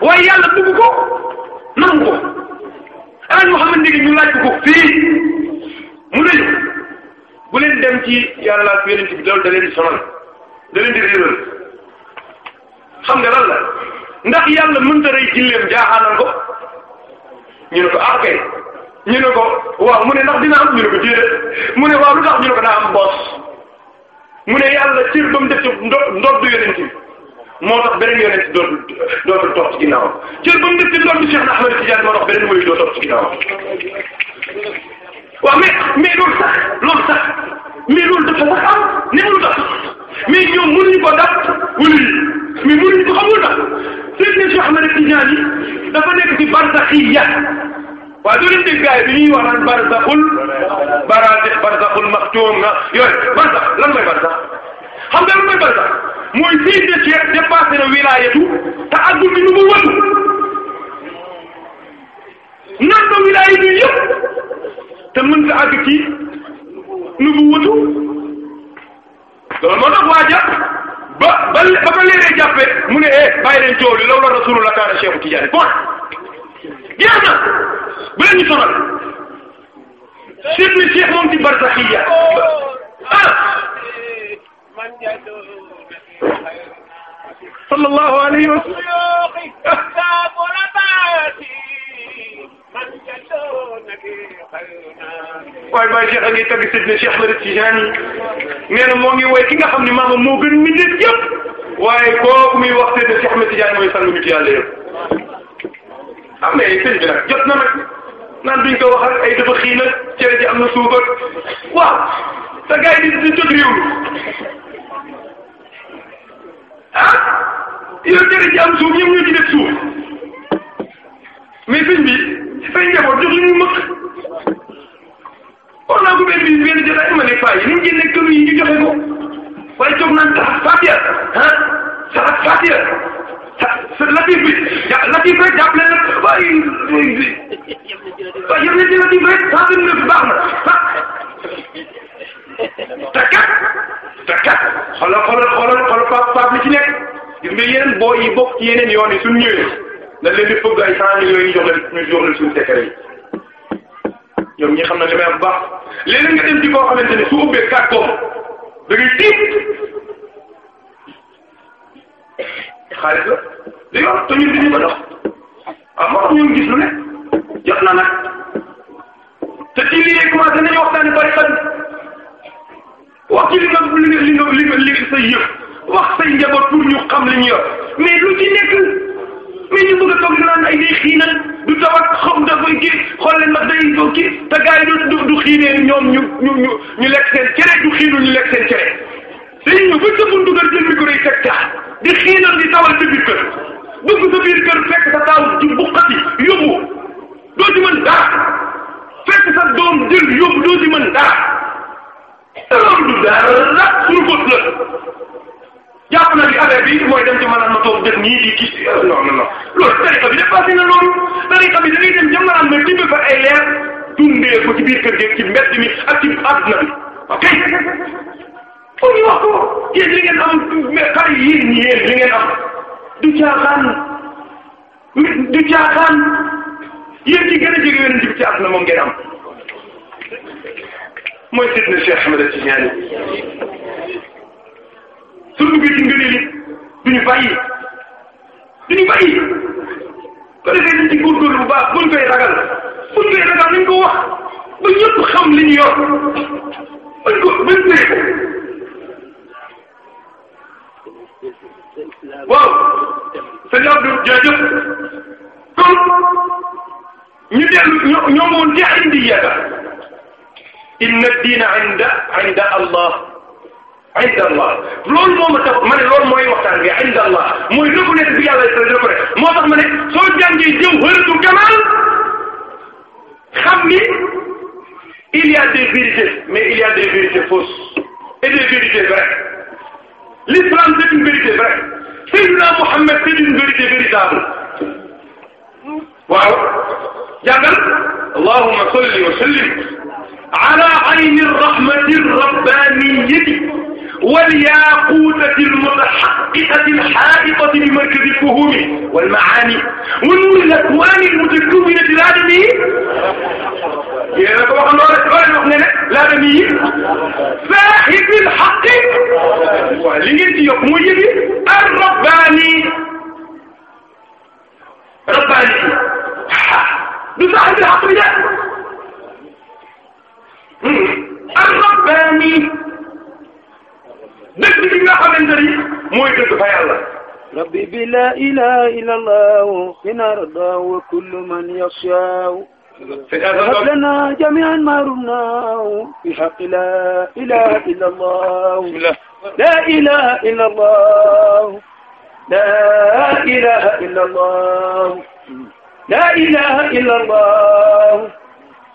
waaye yàlla bëgg ko nangu ko alal Mouhamad Ndieguène ñu laaj ko fii mu ne bu leen ci yàlla ku yonent bi loolu da leen di sonal da leen di réeral xam nga lan la ndax yàlla mënta rey jilleem jaaxaanal ko ñu ne ko ah kay ñu ne ko waaw mu ne ndax dina am ñu ne ko déedéet mu ne waaw lu tax ñu ne ko daa am boos mu ne yàlla cër ba mu def ci ndo ndoddu yonent bi moo tax beneen yonent dootul dootul topp ci ginnaawam jël ba mu def ci loolu Cheikh Ahmed Tidiane moo tax beneen wëy doo topp ci ginnaawam waaw mais mais sax loolu sax mais loolu dafa sax am nekkul tax mais ñoom mënuñu ko dab wala mais mënuñu ko xamul tax Seydina Cheikh Ahmed Tidiane yi dafa nekk ci barsaxiya waaw doo leen dégg gars bi ñuy wax naan barsaxul barsaxul maxtuum nga yooyu barsax lan mooy xam nga lu may bëri sax mooy fii de Cheikh dépassé na wilaayatu te àggul ni ñu mu wëlu naan ba wilaayatu yëpp te mën nga àgg ci nu mu wëtu loolu moo tax waa jàpp ba ba ba ba léeg-léeg jàppee mu ne eh bàyyi leen coow li loolu la rasulullah kaana Cheikh Tidiane bon jeex na bu leen ñu sonal seetlu Cheikh moom ci barsaxiya ah! sallallahu alayhi wa waaye Baye Cheikh a ngi tagg Sidna Cheikh Ahmed Tijaani nee na moo ngi woy ki nga xam ne maama moo gën mbindeef yëpp waaye kooku muy wax Sidna Cheikh Ahmed Tijaani mooy sàngu nit yàlla yëpp. am na ay sëñ bi nag jot na nag naan duñ ko wax ak ay dafa xii nag cere ji am na suukar waaw sa gars yi di di jot réew mi ah yow jërëjëf am suuf ñoom ñoo ci def suuf mais sëñ bi say njaboot jox li ñu mëkk on a couvert bi benn jotaay ma ne faa yi nañ génne këru yi ñu joxe ko waaye jox naan tax Fatia ah Salat Fatia sa Latif bi ja Latif rek jàppale na waaye waaye yëpp na ci Latif rek cent vingt neuf baax na te kat te kat xoolal xoolal xoolal xoolal Pape Pape gis nga yeneen boo yi bokk ci yeneen yoon yi suñu ñëwee dañ leen di fëgg ay cent millions yi jox leen ñu jox leen suñu secret yi ñoom na li may am baax léeg-léeg nga dem ci koo xamante ne su ubbee kat koom da ngay tiit xaalis la li nga wax te ñun dañu ko gis lu ne jot na nag te ci lii commencé nañu waxtaanee bari fan. wax ci li li nga li nga li sa yëf wax say njaboot pour ñu xam li ñu yor mais lu ci nekk ñu bëgg a toog ay day xiinal du tawat xam dafay kii xool leen nag day doog kii te du du ñu lekk seen cere du xiinul ñu lekk seen cere. dañuy ñëw sa buntu kër jël micro yi teg caa di xiinal di tawal sa biir sa biir kër fekk sa taaw ci buqati yóbbu doo ci mën dara fekk sa doom jël yóbbu doo ci mën dara. loolu dara suñu bët la jàpp na li affaire bi mooy dem ci maanaam ma toog jël nii di kii non non non loolu tariqa bi dépassé na loolu tariqa bi da ngay dem jëm maanaam ne tibb fa ay leer dundee ko ci biir kër gi ci mbedd mi ak ci àdduna bi ok pour ñu wax ko yéen li ngeen am mais xar yéen yéen li ngeen am du caaxaan du caaxaan yéen ci gën a jege yéen ci àdduna moom ngeen am. mooy sidna Cheikh Ahmed Tidiane su duggee ci ngëneel yi duñu bàyyi duñu bàyyi ko defee nit ci góorgóorlu bu baax buñ koy ragal buñ koy ragal nañ ko wax ba ñëpp xam li ñu yor bañ ko bañ koy waaw sëñ Abdou jërëjëf kon ñu dellu ñoo ñoo moon jeex indi yàlla inna diina inda inda allah inda allah loolu moo ma tax ma ne loolu mooy waxtaan bi inda allah mooy reconnaître bi yàlla reconnaître moo tax ma ne soo jàngee jawharatul kamal xam ni il y a des vérités mais il y a des vérités fausses et des vérités vraies l'islam c'est une vérité vraie Seydina Mohamed c'est une vérité véritable waaw jàngal allahumma salli wa sallim ala ayni rahmati rabbaniyati wal yaqutati almutahaqiqati alhaitati bi markazi alfuhumi wal maani wa nuri alakwani almutakawinati laadami yi yéen a ko waxoon loolu loolu wax ne ne laadami yi saahibi alhaqi waaw li ngeen ci yokk mooy yëgi arrabbani rabbani du saahibi alhaq bi de ar-rabbaani dëgg li nga xamante ni mooy dëgg fa yàlla. rabbi bi laa ilaaha illallah xina rada wa kullu man yashaaw. هب لنا جميعا ما رمناه في حق لا إله إلا الله لا إله إلا الله لا إله إلا الله لا إله إلا الله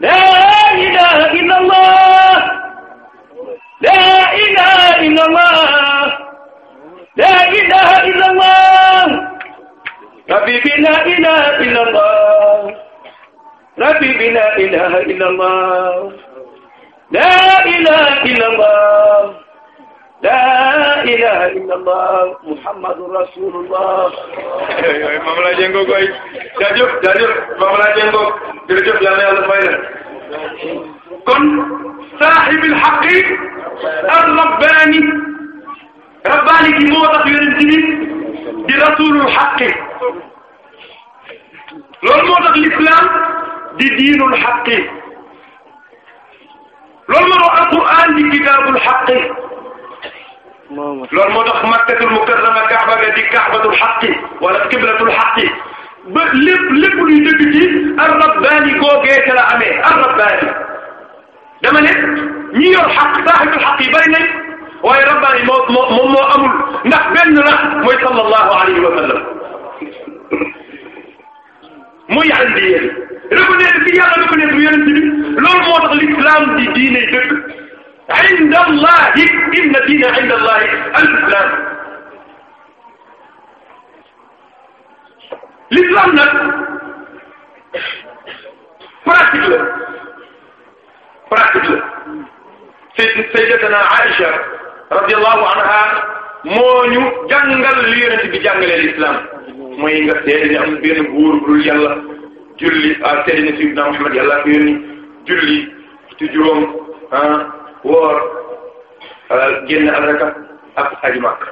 لا إله إلا الله لا إله إلا الله لا إله إلا الله حبيبي لا إله إلا الله حبيبي لا إله إلا الله لا إله إلا الله laa ilaaha illallah muhammadun rasulullah. moom laa jéego koy jaajëf jaajëf moom laa jéego jërëjëf yàlla yàlla may la kon saaxibil xaqi ar rabbaani rabbaani gi moo tax yonent bi di rasulul xaqi loolu moo tax l'islam di diinul xaqi loolu moo tax alquran di kitaabul xaqi loolu moo tax makkatul mukarrama kaaba ga di kaabatul xaqi wala kiblatul xaqi ba lépp lépp luy dëgg ci arrabbaani googee ca la amee arrabbaani dama ne ñi yor xaq saaxibul xaq yi bari nañ waaye rabbaani moo moo moom moo amul ndax benn la mooy sallallahu alayhi wa sallam mooy andi yéen reconnaître fi yàlla reconnaître yonent bi loolu moo tax l'islam di diine dëgg inda allahi inna diina inda allahi al-islam l'islam nag pratique la pratique la sayyidatuna Aïcha radiyallahu anha moo ñu jàngal li yonent bi jàngalee l'islam mooy nga seede ne am benn buur bu dul yàlla julli ah, seede ne sayyidina Muhammad yàlla ko yónni julli ci juróom ah woor génn alaka ak aji màkk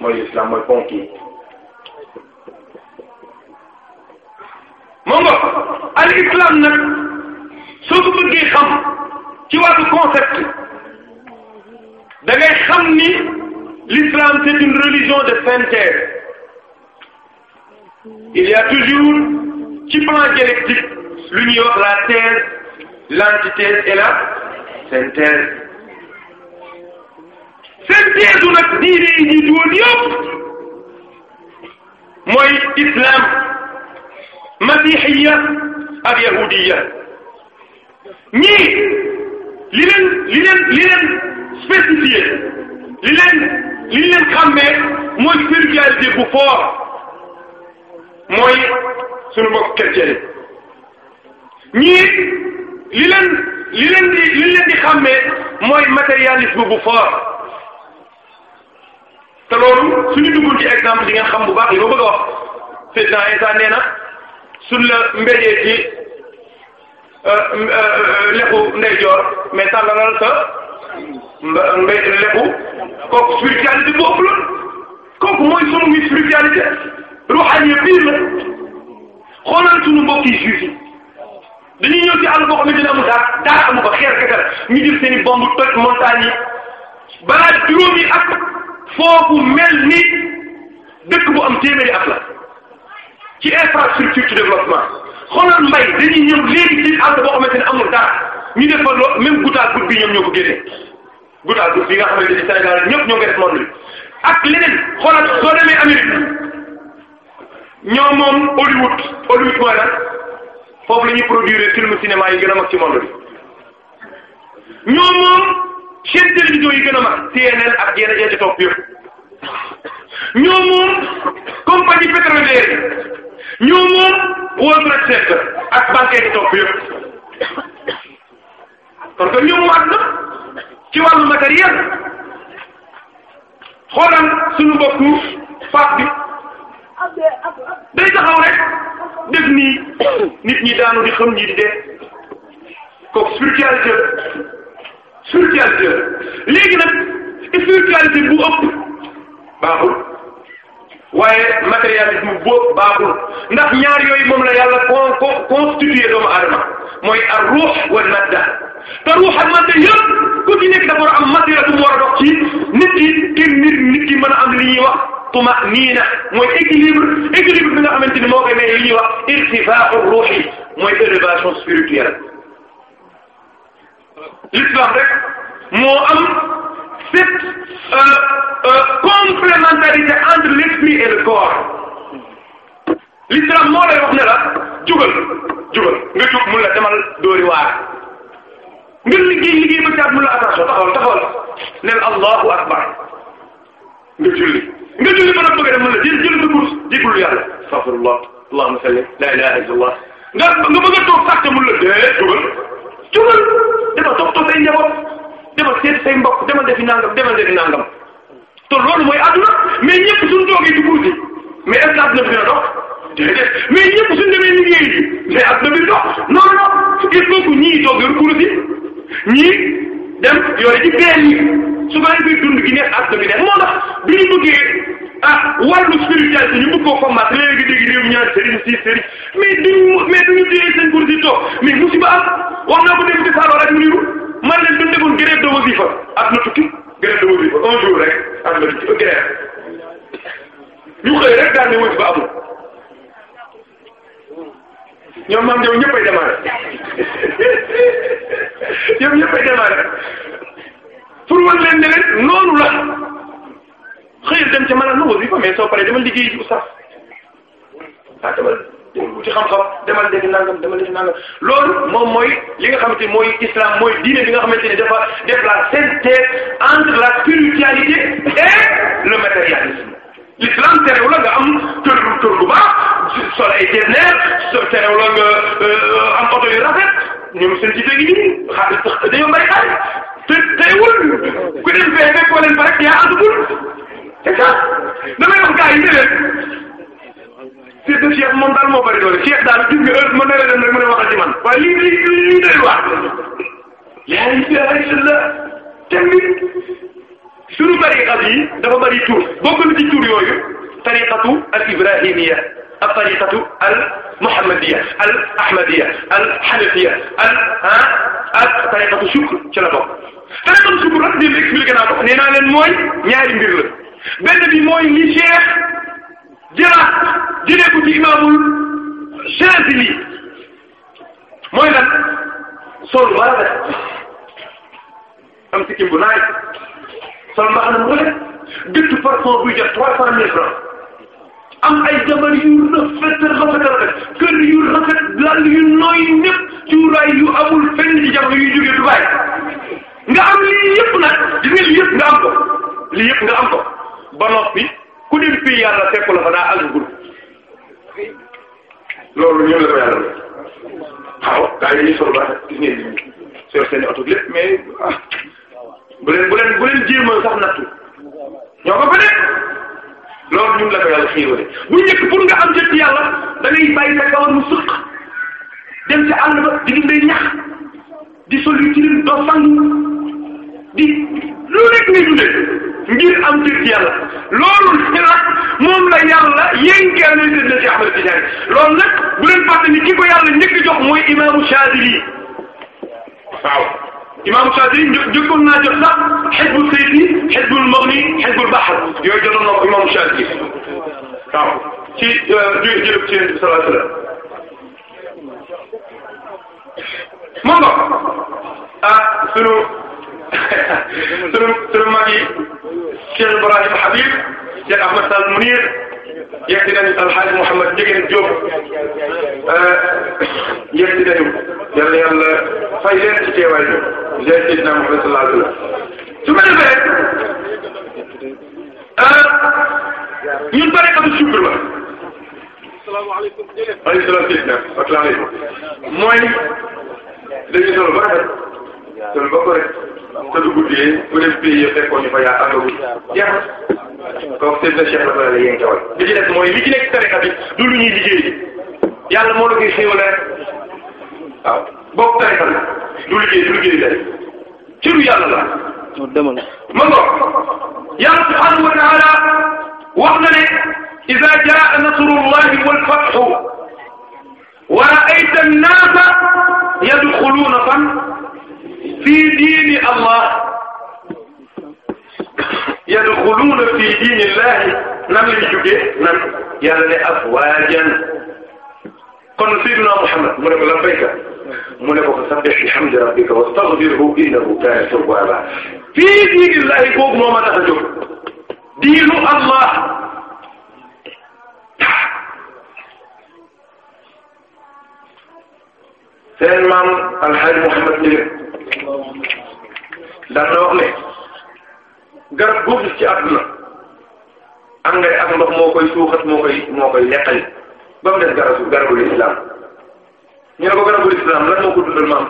mooy islam mooy ponk yi moo al islam nag soo ko bëggee xam ci wàllu concept da ngay ni l'islam c'est une religion de synthèse il y toujours ci plan dialectique lu la thèse l'antithèse et la senteer senteer du nag diine yi ñu duwoon mooy islam masihiya ak yahudiya ñii li leen li li leen spécifié mooy spiritualité bu fort mooy sunu ñii li leen li leen di li leen mooy matérialisme bu fort te loolu suñu duggoon ci exemple di ngeen xam bu baax yi ma bëgg a wax président Insa nee na suñ la mbéjee ci euh, euh, euh, leku ndeyjoor mais tàllalal sa mbé leku kooku spiritualité boobu la kooku mooy sunu muy spiritualité ruuxaan yi biir la xoolal suñu mbokk yi dañuy ñëw ci àll boo xamante ne amul dara dara amu ko xeer kese ñu jël seen i bomb toj montagne yi balaa juróomi ak foofu mel ni dëkk bu am téeméeri at la ci infrastructure ci développement xoolal mbay dañuy ñëw léegi ci àll boo xamante ne amul dara ñu def fa loo même goutte goutte bi ñoom ñoo ko génnee goutte goutte bi nga xamante ne Sénégal ñëpp ñoo ngi def ak leneen xoolal soo demee Amérique ñoo moom Hollywood Hollywood mooy foofu la ñuy produire film cinéma yi gën a mag ci ñoo moom chaîne télévision yi gën a mag CNN ak yenn yenn topp yëpp ñoo moom compagnie pétrolière ñoo moom World Trade Center ak banque yi topp yëpp kon que ñoo moom àdduna ci wàllu matériel mbokku Pape day taxaw rek def nii nit ñi daanu di xam ñi di dee kooku spiritualité spiritualité léegi nag spiritualité bu ëpp baaxul waaye matérialisme bu ëpp ndax ñaar yooyu moom la yàlla con con doomu aadama mooy ar ruux wal madda te ruuxa madde yëpp ku ci nekk dafa war a am madira bu mu war a dox ci nit ki ngir nit nit ki mën a am li ñuy wax tuma nii na mooy équilibre équilibre bi nga xamante ni moo koy may li ñuy wax irtifaaxu ruuxi mooy élévation spirituelle l'islam rek moo am cette euh, euh, complémentarité entre l'esprit et le corps l'islam moo lay wax ne la jugal jugal nga jug mun la demal dóori waar nga liggéey liggéey ba caat mun la attention taxawal taxawal neel allahu akbar nga julli nga julli ba nag bëgg a dem mën la jël jël sa kurus jéggalu yàlla astaghfirullah allahumma salli la ilaha illallah nga nga bëgg a toog sàcc mun la dee jugal jugal dama toog toog say njaboot dama seet say mbokk dama defi nangam dama defi nangam te loolu mooy àdduna mais ñëpp suñu toogee di guddi mais est-ce que àdduna bi dina dox déedéet mais ñëpp suñu demee liggéey mais àdduna bi dox non non il faut que ñii toog yor kurus yi ñii dem yooyu ci benn yi su ko defee dund gi neex ak bi neex moo tax bi ñu bëggee ah wàllu spiritualité ñu bëgg koo combattre léegi dégg réew ñaan sëriñ si sëriñ mais duñu mais duñu téye seen cours yi toog mais musiba am wax na ko dem ci Saalum ak Mouride man leen duñ defoon grève de wasifa ak na tukki grève de wasifa o jour rek am na grève ñu xëy rek daal ne wasifa amul. ñoom maam ñoom ñëppay démarré ñoom ñëppay démarré pour wan leen ne leen noonu la xëyul dem ca maanaam nu wasifa mais soo paree demal liggéey ci oustaz ah demal dem wuti xam-xam demal defi nangam demal defi nangam loolu moom mooy li nga xamante ni mooy islam mooy diine bi nga xamante ni dafa def la synthèse entre la spiritualité et le matérialisme l'islam terew la nga am kër kër bu baax sol ay deneer terew la nga euh, am oto yu rafet ñoom seen ci dégg nii xaalis sax dañoo bari xaalis ku dem fee fekkoo leen fa rek yaa àndagul c'est ça damay wax gars yi ne leen c'est moom daal moo bari doole Cheikh daal gis nga heure ma ne la dem rek ma ne waxal ci man waaye lii lii lii doy waar suñu tariqa yi dafa bëri tur bokk na ci tur yooyu tariqatu al ibrahimiya al muhammadiya al ahmadiya al hanafiya al ah ak tariqatu shukr ci la bokk tariqatu shukr nag dégg leen mooy ñaari mbir la benn bi mooy li cheikh jëlaat jëlee ko ci imaamul Shaazili mooy lan sol bu am sikkim bu naay sol mbax na mu buy jot trois cent mille am ay jabar yu rafet rafet rafet kër yu rafet lal yu nooy népp cuuraay yu amul fenn ci jamono yu jógee Dubaay nga am lii yëpp nag gis noppi ku dem fii loolu ñëw la ko yàlla xaw gaa yi ñu sol rafet gis ngeen seen seen oto lépp mais ah. bu leen bu leen bu leen jéemal sax nattu ñoo ko fa loolu ñun la ko yàlla xiirale bu njëkk pour nga am jot yàlla da bàyyi sa kawar mu sëq dem ci àll ba di dundee ñax di soli ci di lu nekk ngay dundee ngir am jot yàlla loolu nag moom la yàlla yëngalee seen na ci Ahmad loolu nag bu leen fàtte ni ki ko yàlla njëkk jox mooy imaamu Shaadili waaw. imam Chadri jëkkoon naa jot sax xisbul sayti xisbul magni xisbul baxar yooyu jotoon na ko imam Chadri waaw ci euh, jë jërëb ci yonent bi sallallahu alayhi wasallam moom nga ah sunu turu turu mag yi Cheikh Ibrahim Habib Cheikh Ahmad Sall Munir yegg nañu Alhaji Mouhamed Ndiéguène Diop eh, yegg nañu yàlla yàlla fay leen ci teewaay bi leen Seydina Muhammad sallallahu alayhi wa sallam su ma defee eh, ñun bëri am sucre ba. asalaamaaleykum. waaleykum salaam wa rahmatulah. mooy dañuy solo ba rafet. te lu ba pare te lu guddee bu dee pays yi fekkoon ñu fa yaa amagul jeex donc seen na Cheikh Ibrahima yéen kawal li ci des mooy li ci nekk tariqa bi du lu ñuy liggéey yàlla moo la koy xéewale rek waaw boobu tariqa la du liggéey du liggéey rek cëru yàlla la. waaw demal ma ngoog yàlla subhanahu wa taala wax na ne ida jaa nasrullahi wal fathu wa raayta annaasa yadxuluuna fan fii diini allah yadxuluuna fii diini llahi nan lañ jógee nan yàlla ne afwaajan kon sayyiduna Muhammad mu ne ko labbayka mu ne ko fasabbih bihamdi rabbika wastaghfirhu innahu kaana tawwaaba fii diini llahi kooku moo ma tax a jóg diinu allah seen maam Alxaaji Muhammad daan na wax ne garab boobu ci àdduna am ngay ak ndox moo koy suuxat moo koy moo koy leqali ba mu des garabu garabu lislaam ñu ne ko garabu lislaam lan moo ko dundal maam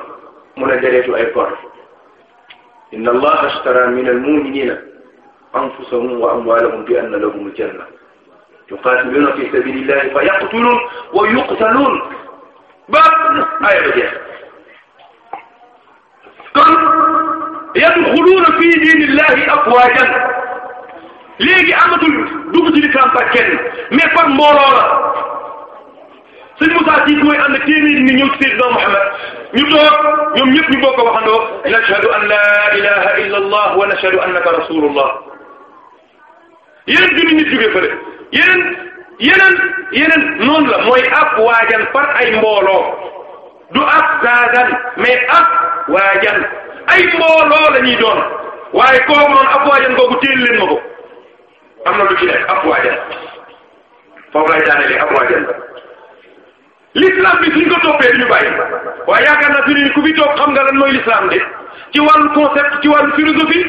mu ne dereetu ay kor inna allaha ashtara min almuminina anfusahum wa amwalahum bi anna lahum aljanna yuqatiluna fi sabilillahi fa yaqtuluun wa yuqtaluun ba aya ba jeex kon yadxuluuna fi diinillahi afwaajan léegi amatul dugg ci lislaam par kenn mais par mbooloo la sëñ Moussa Cissé mooy ànd téeméeri ni ñëw ci Seydina Mouhamed ñu toog ñoom ñëpp ñu bokk waxandoo nashhadu an la ilaha illa allah wa nashhadu annaka rasulullah yeneen junni nit jógee fële yeneen yeneen yeneen noonu la mooy ab waajan par ay mbooloo du afdaadan mais afwaajan ay mbooloo la ñuy doon waaye koo noonu afwaajan googu téel leen ma ko am na lu ci nekk afwaajan foofu lay daanelee afwaajan l'islam bi suñ ko toppee duñu bàyyi waaye yaakaar naa fi ku fi toog xam nga lan mooy l'islam de ci wàllu concept ci wàllu philosophie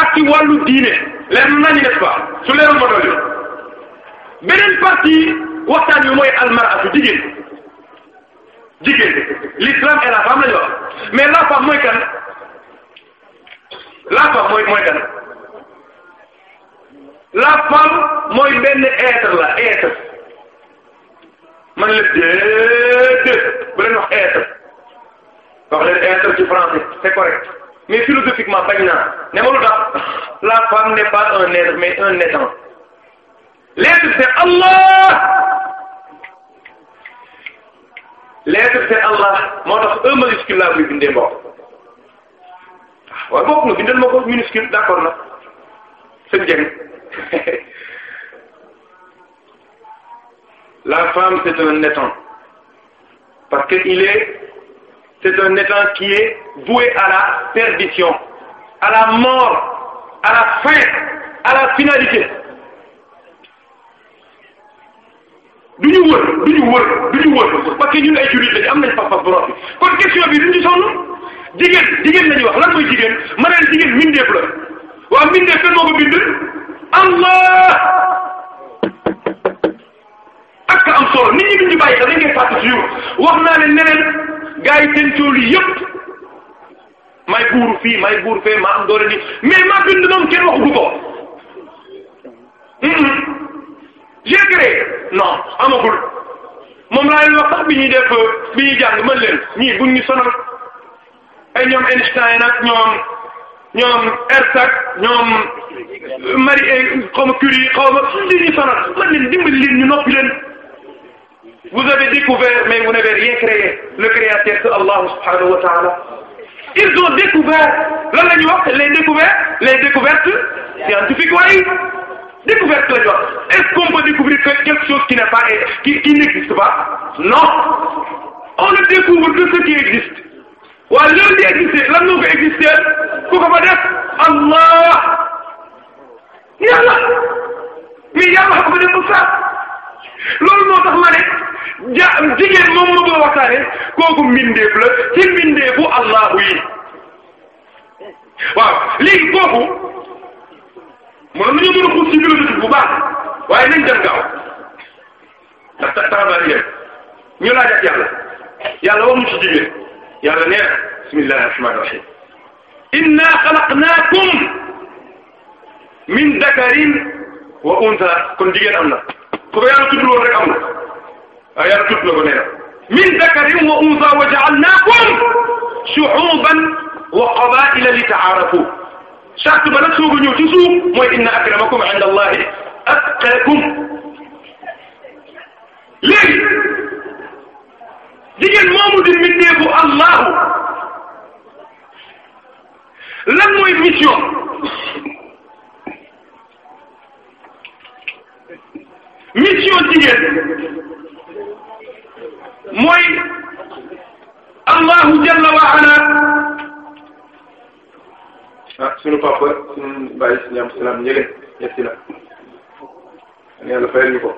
ak ci wàllu diine leen nañ n'est-ce pas su leerul ma dolli beneen partie waxtaan wi mooy almaratu jigéen jigéen l'islam et la femme la la femme mooy kan la femme mooy mooy kan la femme mooy benn être la être man la déedéet bu leen être wax leen être ci français c'est correct mais philosophiquement bañ naa ne ma lu tax la femme n'est pas un être mais un étant Allah lettre te Allah moo tax un majuscule laa koy bindee mbokk waaw bokk na bindal ma ko minuscule d'accord na sëñ Dieng *laughs* la femme c'est un étang parce que il est c'est un étang qui est voué la perdition à la mort à la fin à la finalité du ñu wër du ñu wër du ñu wër parce ñun ay jullit lañ am nañ pas-pas borom kon question bi du ñu sonn jigéen jigéen la wax lan mooy jigéen ma neen jigéen mindeef la waaw mindeef kan moo bind allah ak am solo nit ñi duñ bàyyi sax dañ koy fàtte toujours wax naa leen neneen gars yi seen tool yi may buuru fii may buuru fee maa am doole nii mais maa bind moom kenn waxu ko. j'ai non amagul moom laa leen wax sax bi ñuy def bi ñuy jàng mën leen ñii buñ ñu sonal ay ñoom Einstein nag ñoom ñoom Hertzog ñoom Marie eh, xaw ma Curie xaw ma lii ñu sonal mën leen dimbali leen ñu noppi leen vous avez découvert mais vous n'avez rien créé le créateur c'est Allah subhanahu wa ta'ala ils ont découvert lan la ñuy wax les les découvertes scientifiques waaye découverte la ñu wax est-ce qu'on peut découvrir quelque chose qui n'est pas qui qui n'existe pas non de ce qui existe waaw loolu di exister lan moo ko exister ku ko fa Allah yàlla mais yàlla xam nga ne Moussa loolu moo tax ma ne ja jigéen moom moo ko waxtaane kooku mbindeef la ci mbindeefu Allahu yi waaw léegi kooku. mënoon nañu mën a xuus ci philosophie bu baax waaye nañ dem gaaw ndax tax taxaw naa yéen ñu laaj ak yàlla yàlla waxuñu ci jigéen yàlla nee na bismillahi rahmaani rahim inna xalaqnaakum min dakarin wa unsa kon jigéen am na ku ko yàlla tuddul woon rek am na waaye yàlla tudd na ko nee na min dakarin wa unsa wa jaalnaakum shuuban wa qabaila li taarafu charte ba nag sooga ñëw ci suuf mooy inna akramakum inda allahi atqakum léegi jigéen moomu di mindeefu allahu lan mooy mission mission jigéen mooy allahu jalla wa ala ah suñu papa suñu bàyyi si ñam salaam njëge ñetti la yàlla fayal ñu ko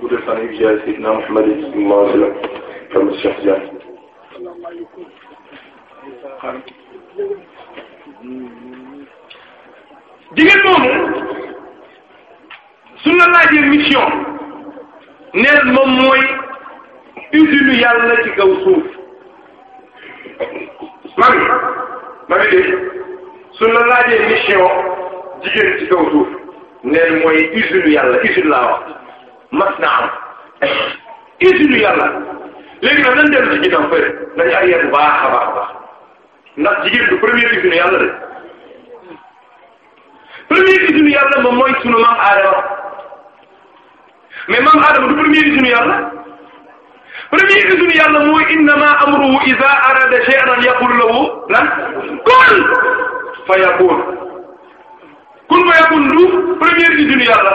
guddal fan yu jaay sidna Muhammad sallallahu alayhi wa sallam xam Cheikh Diagne jigéen moomu suñ la laajee mission neen moom mooy usine yàlla ci kaw suuf maa ngi maa ngi dégg su la laajee mission jigéen ci kaw suuf neen mooy usine yàlla usine laa wax mas na am usine yàlla léegi nag nan dellu ci ginnaaw fële nañu ay yéen baax a premier usine yàlla de premier usine yàlla mooy sunu maam Adama mais maam Adama du premier usine yàlla premier usine yàlla mooy innama amruhu iza arada shay'an yaqulu lahu lan kun fa yakun kun fa yakun du première usine yàlla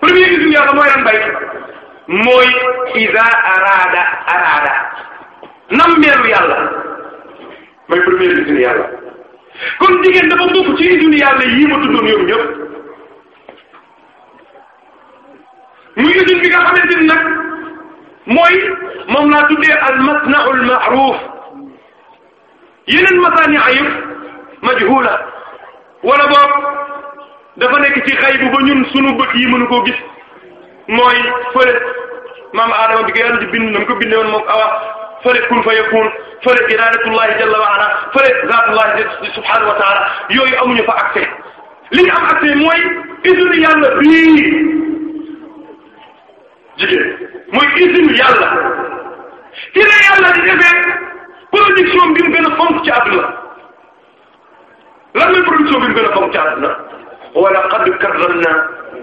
première usine yàlla mooy lan bay mooy ida araada araada nam meelu yàlla mooy première usine yàlla kon jigéen dafa bokk ci usine yàlla yii ma tuddoon yow ñëpp muy usine bi nga xamante ni nag mooy moom laa tuddee al masna'ul ma'ruf majhula wala boog dafa nekk ci xaybu ba ñun sunu bët yi mënu koo gis mooy fële maam bi ko di bind na ko bindee woon moom awa fële kun fa yakun fële iradatullahi jalla wa ala fële zatullahi subhanahu wa taala yooyu amuñu fa accès li ñu am accès mooy usine yàlla bii jigéen mooy usine yàlla ci la yàlla di defee production bi mu gën a fonk ci àdduna lan mooy production bi mu gën a fonk ci àdduna wa laqad karramna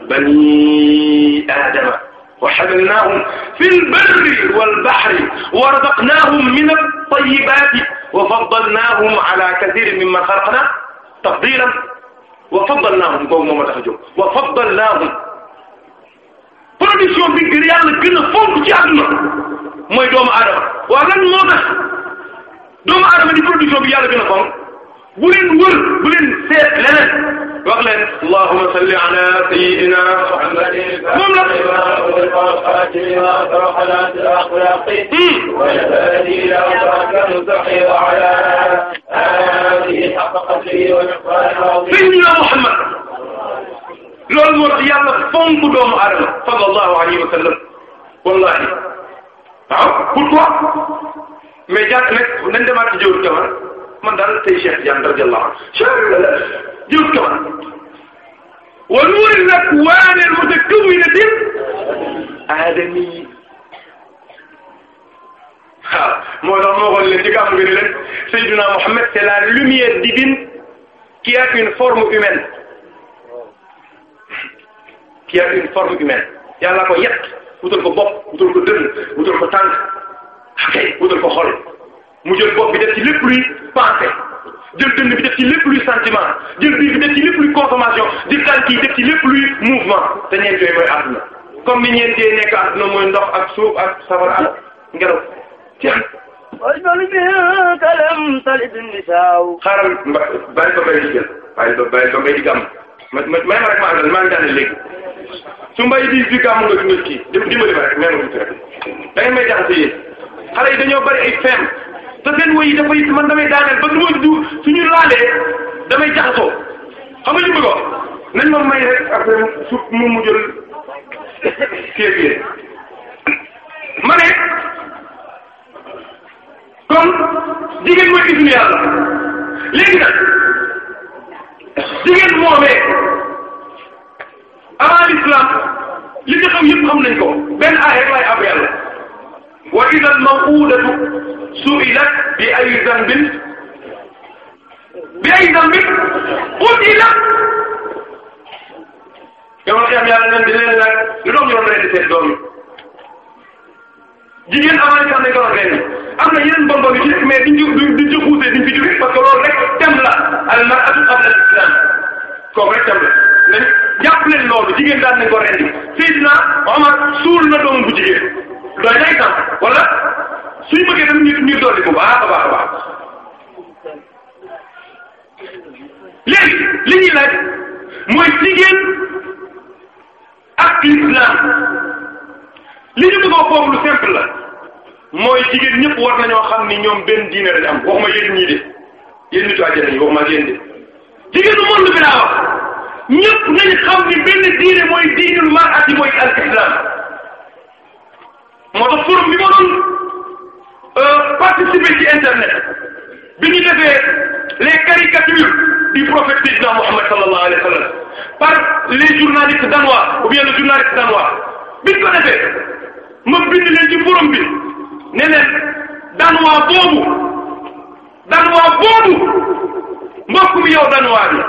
bani aadama wa hamalnaahum fil barri wal bahri wa razaqnaahum min at-tayyibaati wa faddalnaahum ala kathiirin mimman khalaqnaa tafdiilan wa faddalnaahum kooku moom moo tax a jóg wa faddalnaahum production bi gën yàlla gën a fonk ci àdduna mooy doomu aadama waaw lan moo tax doomu aadama di production bi yàlla gën a fonk bu leen wër bu leen seet leneen wax leen allahumma salli ala sayyidina muhammadin moom la hmm. sayyidina muhammad loolu moo tax yàlla fonk doomu aadama sallallahu alayhi wa sallam wallahi waaw ah, pourquoi mais jàpp nag nañ demaat ci jëwru jamono man daal tey Cheikh Diagne radiyallahu anhu jël kaman wa nuuri nag waaneel mu te këbu yi ne dim aadami yi waaw moo tax moo xool leen ci gàmm gi ne leen Seydina Mohamed c'est la lumière divine qui a une forme humaine qui a une forme humaine yàlla ko yett wutal ko bopp wutal ko dënn wutal ko tànk akay wutal ko xol mu jël bopp bi def ci lépp luy pensée jël dënn bi def ci lépp luy sentiment jël biir bi def ci lépp luy consommation jël tànk yi def ci lépp luy mouvement te ñeent yooyu mooy àdduna comme ni ñeent yee nekk àdduna mooy ndox ak suuf ak safara ak ngelaw ci am wajbal bi kalam talib nisaaw xaaral mba bàyyi ba mbay di jël bàyyi ba bàyyi ba mbay di gàmm ma ma may ma rek ma àndal maa ngi daane léegi su mbay di di gàmm nga nga kii dimbali ma rek may ma tuuti rek da ngeen may jaxase yéen xale yi dañoo bari ay fem te seen woy yi dafay man damay daaneel ba du ma du suñu laalee damay jaxasoo xam nga li nañ ma may rek après mu mu jël kii ma ne kon jigéen mooy ibnu li nga xam xam nañ ko benn aaya rek lay ab yàlla. wa ida almawudatu suilat bi ay zambin bi ay zambin qutilat yow nag yàlla yàlla nañ leen laaj lu doom ñu doon rendi seen doom yi jigéen avant ñu sax dañ ko doon rendi am na yeneen bonbon yu ci nekk mais duñ ci duñ ci xuusee duñ ci jógee parce que loolu rek thème la al mar'atu qabla al islam kooku rek thème la mais jàpp leen loolu jigéen daan nañ ko rendi Seydina Omar suul na doomam bu jigéen. doy na itam wala suñu bëggee dem ñu ñu dolli bu baax a baax a baax li ñuy laaj mooy jigéen ak l'islam li ñu bëggoo foofu lu simple la mooy jigéen ñëpp war nañoo xam ni ñoom benn diine lañ am waxuma yéen ñii de yéen nitu àjjana yi bi laa wax ñëpp nañ xam ni benn diine mooy diinul mar'ati mooy al islam moo tax bi ma doon euh, participer ci internet bi ñu defee les caricatures du prophète président Mohammed sallallahu alayhi wa sallam par les journalistes danois ou bien le journaliste danois bi ñu ko defee ma bind ne leen danois boobu danois boobu mbokk mi yow danois bi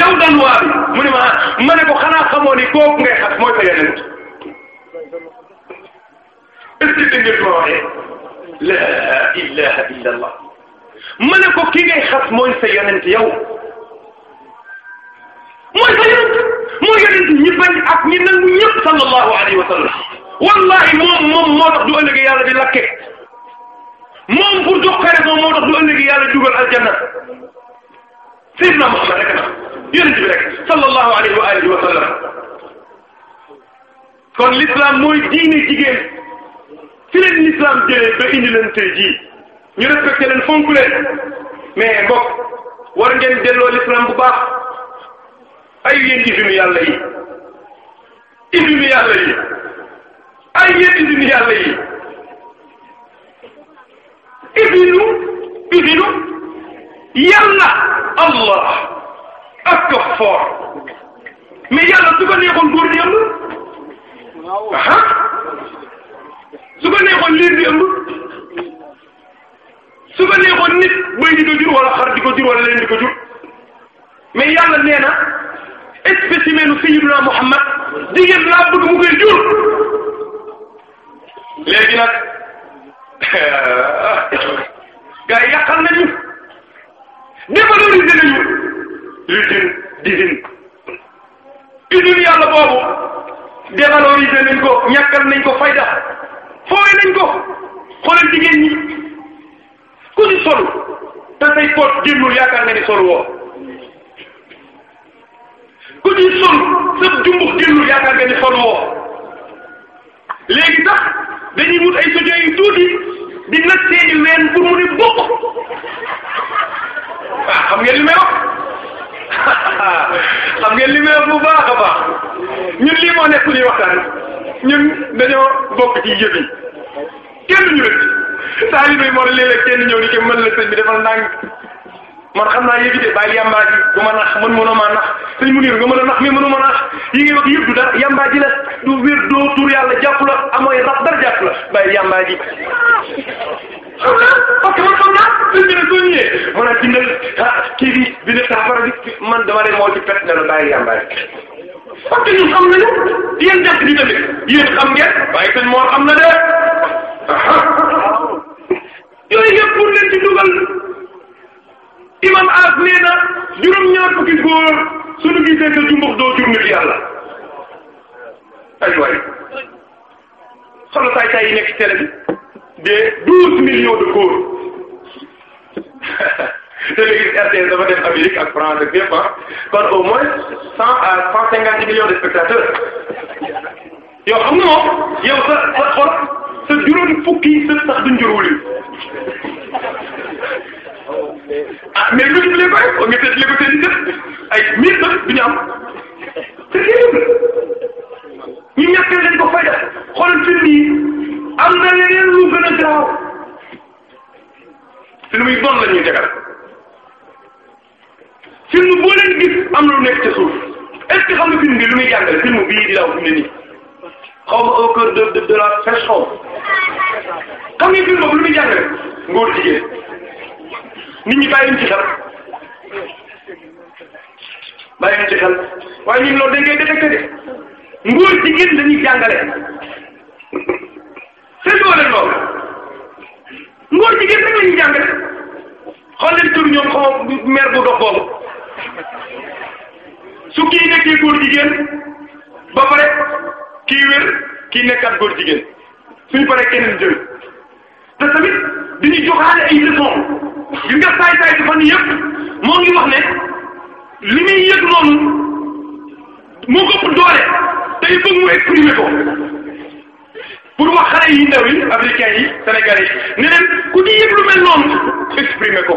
yow danois bi mu ne ma ma ne ko xanaa xamoo ni kooku ngay xas mooy sa est ce que dégg nga waxee la ilaha illa allah ma ne ko ki ngay xas mooy sa yonent yow mooy sa yonent mooy yonent ñi bañ ak ñi nangu ñëpp sallallahu alayhi wa sallam wallahi moom moom moo tax du ëllëg yàlla di lakke moom pour jox ko raison moo tax du ëllëg yàlla dugal aljanna sayyidina Muhammad rek na yonent bi rek sallallahu alayhi wa alihi wa sallam kon l'islam mooy diine jigéen fi leen l'islam jëlee ba indi leen tey ñu respecté leen fonk leen mais mbokk war ngeen delloo l'islam bu baax ay yéen isinu isinu yàlla yi isinu yàlla yi isinu isinu yàlla allah ak ko foor mais yàlla su ko neexoon góor yàlla ah su ko neexoon liir di di ko jur wala xar di ko jur wala leen di ko jur mais yàlla nee na spécimenu sayyiduna Muhammad jigéen laa bëgg mu koy jur léegi nag *laughs* gars yi yàqal nañu dévaloriser nañu l'usine d'usine usine yàlla boobu dévaloriser nañ ko ñàkkal nañ ko fayda fooy nañ ko xoolal jigéen ñi ku ci sol te say poot génnul yaakaar nga ni sol woo ku ci sol sa jumbux génnul yaakaar nga ni sol woo léegi sax dañuy wut ay sojo tuuti di nag seeni ween pour mu ne bokk waaw ah, xam ngeen may wax *laughs* xam ngeen li muy bu baax a baax ñun lii moo nekk ñuy waxtaan ñun dañoo bokk ci yëf yi kenn ñu rëcc saa yu bëri moo ne léeg-léeg kenn ni ki mën la sëñ bi defal ndànk man xam naa yëgite bàyyi yàmbaa ji du ma nax man mënoo maa nax sëñ mu niir nga mën a nax mais mënu ma nax yi ngay wax yëpp du dara yàmbaa ji la du wér doo tur yàlla jàpp la amooy rab dara jàpp la bàyyi yàmbaa ji xaw naa parce que man xaw naa suñ man dama moo ci pet ne la bàyyi yàmba parce que ñun xam nañu yéen jàpp ni tamit yéen xam ngeen waaye sëñ Mor xam na de yooyu yëpp pour leen imam as nee na juróom-ñaar fukki góor suñu gisee que jumbox doo jur ay waay xoolal saay nekk ci des douze millions de góor *laughs* te léegi RTS dafa def Amérique ak France ak yëpp ah. au moins cent à cent cinquante millions de spectateurs yow xam nga moom yow sa sa xol sa juróomi sa sax duñ juróoli ah mais lu ñu leen ko rek ay mille sax du ñu am c'est terrible ñu ñàkk dañ ko fay def xoolal film yi. am na leneen lu gën a gaaw fi muy doon la ñuy tegal film boo leen gis am lu nekk ca suuf est ce que xam nga film bi lu muy jàngale film bii di la wax ne nii xaw ma au cœur de de la pêche xaw xam nga film boobu lu muy jàngale ngóor jigéen nit ñi bàyyi ci xel bàyyi ci xel waaye ñun loolu dañ koy détecté de ngóor jigéen la ñuy jàngale. te doole loolu ngóor jigéen da ngeen ñu jàngale xool leen ñoom xaw mer bu dox boobu su kii nekkee góor jigéen ba pare kii wér kii nekkaat góor jigéen suñ paree keneen jël te tamit dañuy joxaale ay leçons gis nga saay saay si fan yëpp moo ngi wax ne li muy yëg noonu moo ko ëpp tey bëgg mu exprimer ko. pour wax xale yi ndaw yi africain yi sénégalais yi ne ku ci yëg lu mel noonu exprimer ko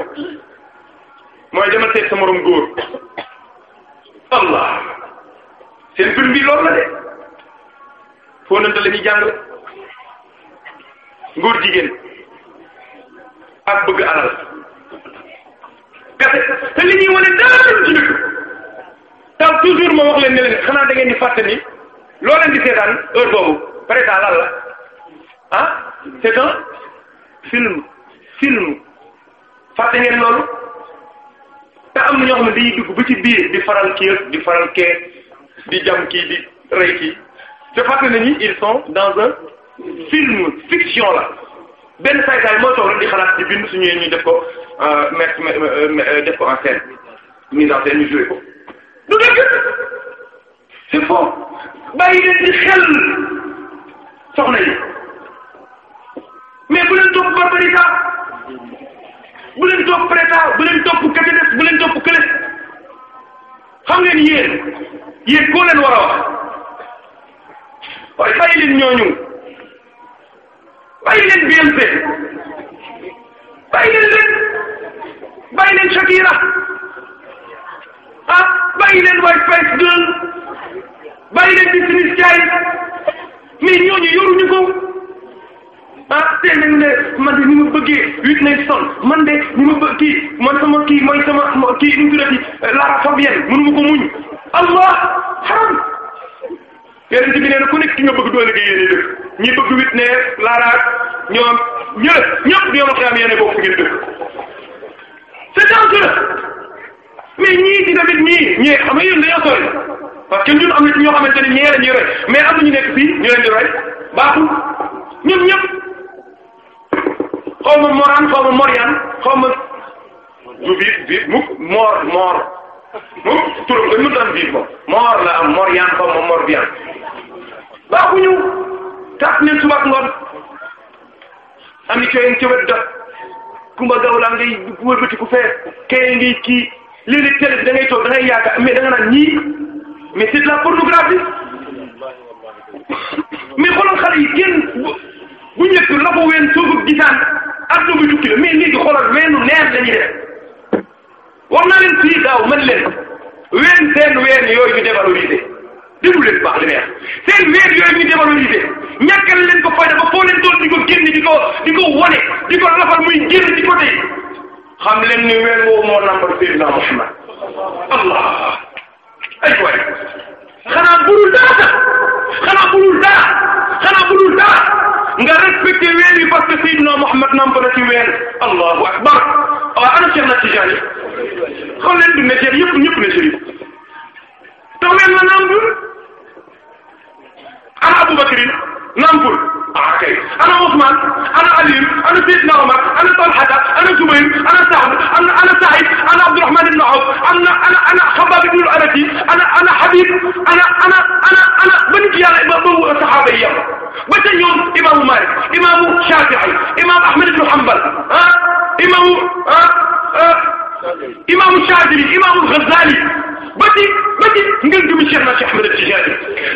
mooy demal seet sa morom góor allah seen film bi loolu la de foo nante la ñuy jàngale jigéen ak bëgg alal kase te li ñuy wane daal ci toujours ma wax leen ne xanaa da di fàtte ni loo di seetaan heure boobu par la ah c'est un film film fàtte ngeen loolu te am na ñoo xam ne dañuy dugg ba ci biir di faral kii di faral kee di jam kii di rey kii te fàtte nañu ils sont dans un film fiction la benn saytaay moo toog di xalaat di bind suñu ñu def ko euh, euh, euh, def ko en scène mise en scène ñu joué ko du dëgg c'est faux bàyyi leen di xel soxna yi mais bu leen topp barbarita bu bu leen topp kabides bu leen topp kële xam ngeen yéen yéen koo leen war a wax waaye bàyyi leen ñooñu bàyyi leen BNP bàyyi leen lépp Shakira ah bàyyi White Spice Girl bàyyi leen Destiny's Child mais ñooñu yoruñu ko. ah tey nañu ne man de ni ma bëggee huit nañ son man de ni ma bëgg kii man sama kii mooy sama kii nu mu tuddati Lara Fabienne mënu ma ko muñ allah haram yonent bi nee na ku nekk ki nga bëgg doole nga yéene dëkk ñi bëgg huit ne Lara ñoom ñëpp ñëpp ñoom ak am yéene bokk ngeen dëkk c'est dangereux mais ñii di tamit ñii ñee xam nga yéen dañoo sori parce que ñun am na ci ñoo xamante ne ñee la ñuy roy mais am na ñu nekk fii ñu leen di roy xaw ma Morane xaw ma Moriane xaw ma Mor Mor mukk turam dañu doon biir moom Mor la am Moriane xaw ma Morbiane baaxuñu tas nañ suba ak ngoon am na cooyeen ca wet dëkk Kumba Gawla ngay wëlbati ku fee kee ngay kii léeg-léeg télé bi da ngay toog da ngay yaakaar mais da nga naan ñii mais c'est de la pornographie *coughs* xale yi bu ñëpp la ko ween suufub gisaan ak dugg jukki la mais léegi xoolal weenu neen la ñuy def wax naa leen fii daaw mën leen ween seen ween yooyu ñu dévalorisé déglu leen baax li may seen ween yooyu ñu dévalorisé ñàkkal leen ko fayda ba foo leen doon di ko génne di ko di ko wone di ko lafal muy génn ci côté xam leen ni ween woowu moo nàmbal Seydina Muhammad allah ay xanaa budul dara sax xanaa budul dara xanaa budul dara nga respecté weer yi parce que Seydina Muhammad namp na ci weer allahu akbar waaw ana Cheikh na Tijaani xool leen du ne Cheikh ñëpp ñëpp ne Cheikh te weer la namp ana Abubakar nampul ah kay ana Ousmane ana Aliou ana Seydina Omar ana Talhata ana Zubayr ana Sa'd ana ana Saïd ana Abdourahman ibn Awf ana ana ana Xabbaab ibn al-Arati ana ana Habib ana ana ana ana ba nit yàlla ba ba saxaaba yi yàlla ba ca ñoom imaamu Malik imaamu Shafi'i imaamu Ahmad ibn Hanbal ah imaamu ah. ah imaamu Shaadili imaamu Ghazali ba ci ba ci ngeen gëm Cheikh na Cheikh Ahmed Tijaani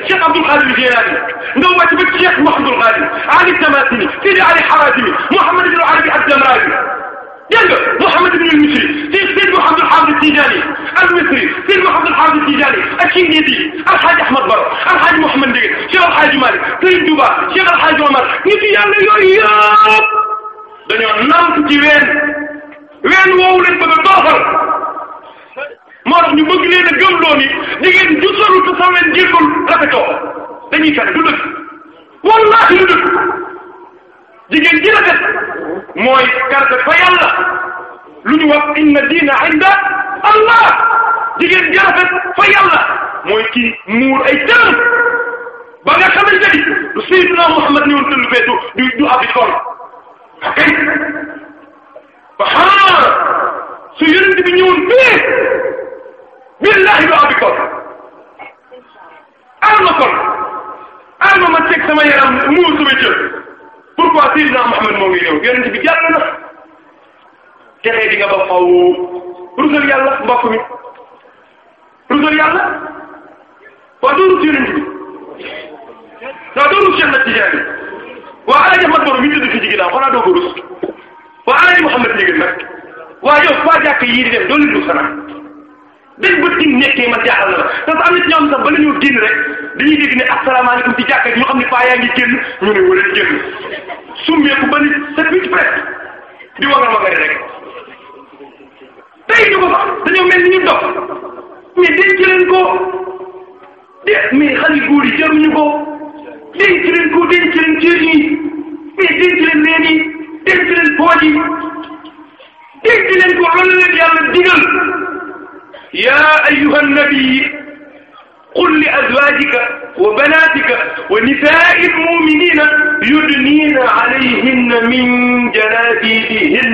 Cheikh Abdul Qadir Jilaani nga wàcc ba ci Cheikh Mouhamadul Ghaali Ali Tamasini Sidi Ali Harazimi Mouhamad ibn Arabi ad-Damraari dégg nga Mouhamad ibn al-Misri Seydi Mouhamad al-Haafid Tijaani al-Misri Seydi Mouhamad al-Haafid Tijaani al-Kineedi Alxaaji Ahmad Baro Alxaaji Mouhamad Ndieguène Cheikh Alxaaji Maalik Sëriñ Tuuba Cheikh Alxaaji Omar nit yàlla yooyu yëpp dañoo nàmp ci ween ween woowu leen bëgg a dooxal moo tax ñu bëgg leen a gëmloo ni jigéen ju solu te sa ween jékkul rafetoo dañuy fen du dëgg wallaahi du dëgg jigéen ji mooy carte fa yàlla lu ñu inna diina allah jigéen ji fa yàlla mooy kii muur ay tëram ba nga xamante ni du sayyidina Muhammad ñëwoon tëllu feetu du du abi kon kay ba xaar su yonent bi ñëwoon fii billahi du abi kon arma kon arma ma teg sama yaram muur sama jël pourquoi Seydina Muhammad moo ngi ñëw yonent bi jàll na texee di nga ba faw rusal yàlla mbokk mi rusal yàlla waa doo rus yonent bi waa doo rus Cheikh na Tijaani waa alaja mat boro mi ñu tudd fi ci ginnaaw xanaa doo ko rus waa alaji Mouhamed Ndieguene nag waa yow trois jàkk yii di dem doo leen xanaa dañ bët ci nekkee man jaaxal na la parce que am na ci ñoom sax ba la ñu génn rek dañuy dégg ne asalaamaaleykum ci jàkka ji ñu xam ne paa yaa ngi génn ñu ne wala génn summeeku ba ni set huit presque di war a magari rek tey ñu ko sax dañoo mel ni ñu dox mais denc leen ko de mais xale góor yi jaruñu ko denc leen ko denc leen cër yi mais denc leen yi dégg leen pooj yi dégg leen ko loolu leen yàlla digal yaa ayyuha nabi qul li azwajika wa banatika wa nisaai lmuminina yudniina alayhinna min jalabibihin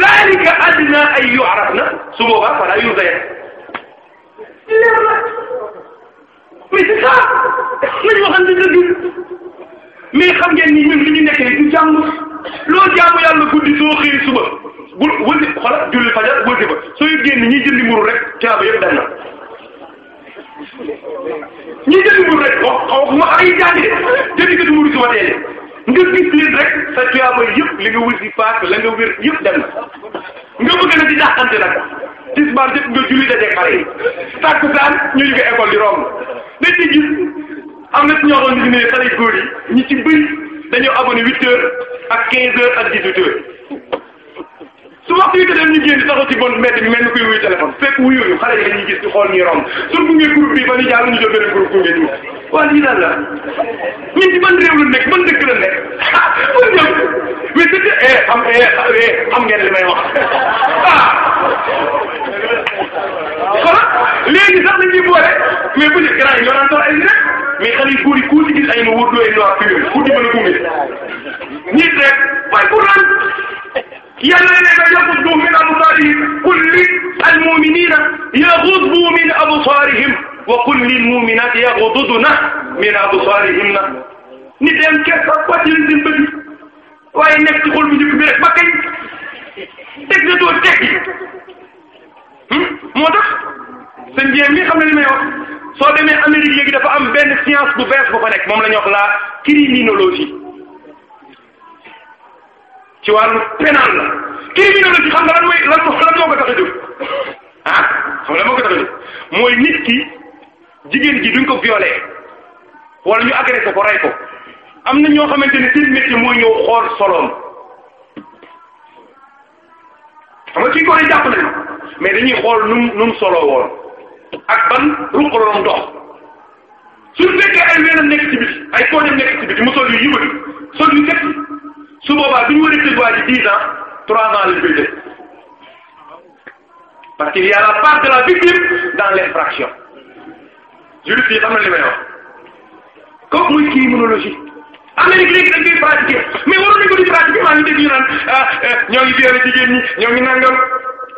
zalika adna an yu'rafna su boobaa fala yuzayna leer la mais c'est ça nañu waxante dëgg mais xam ngeen ni ñun li ñu nekkee du jàng loo jaamu yàlla guddi soo xëy suba bul julli fajar wëndi ba soo yëg génn ñi jëndi mburu rek caaba yëpp dem na ñi jëndi mburu rek wax xaw ma ay jàng de jëndi kat mburu suba teel nga gis leen rek sa caaba yëpp li nga wër si la nga wér yëpp dem nga bëgg na di dàqante nag tisbaar jëpp nga julli daje xale yi tàkkusaan ñu jóge école di romb dañ di gis am na ci ñoo xamante ne xale góor yi ñi ci bëri dañoo abonné huit heures ak quinze ak dix huit heures su waxtu yi dem ñu génn taxaw ci bon mbedd mi mel ni kuy wuyu téléphone fekk wuyuñu xale yi dañuy gis di xool ñuy romb suñ bu ngeen groupe bi ba ñu jàll ñu jël beneen groupe bu ngeen waa lii daal la ñun ci ban réew la nekk ban dëkk la nekk ah man ñëw mais dëkk eh xam eh xam ngeen li may wax ah. voilà léegi sax dañuy boole mais bu ñu grand yi ñoo daan rek mais ku ci gis ay ma wóor looy noor fi mu guddi mën a ya nit rek min absaarihim وقل للمؤمنات يغضضن من أبصارهن ni dem kees ak wàcc leen seen bët yi waaye nekk ci xol bu njëkk bi rek ba kañ teg na doo teg hmm? moo tax seen jéem li xam ne li may soo demee Amérique léegi dafa am benn science bu bees bu fa nekk moom la ñu wax la criminologie ci wàllu la criminologie xam nga lan mooy lan moo lan moo ko tax a jóg ah xam nga lan moo ko tax a jóg mooy jigéen ji duñ ko violé wala ñu agressé am na ñoo xamante ne seen métier mooy ñëw xool soloom xam nga kii ko ne mais dañuy xool num num solo woon ak ban ruq la doon dox suñ fekkee ay weenam nekk ci biti ay kooñam nekk ci biti mu sol yu yibali sol yu set su boobaa duñu war a tëj waa ji dix ans trois ans lañ koy def la part de la victime dans l'infraction juriste yi xam na li may wax kooku muy kii immunologie Amérique léegi dañ koy pratiquer mais waroon nañ ko di pratiquer maa ngi dégg ñu naan ah, eh, ñoo ngi gérer jigéen ñi ñoo ngi nangam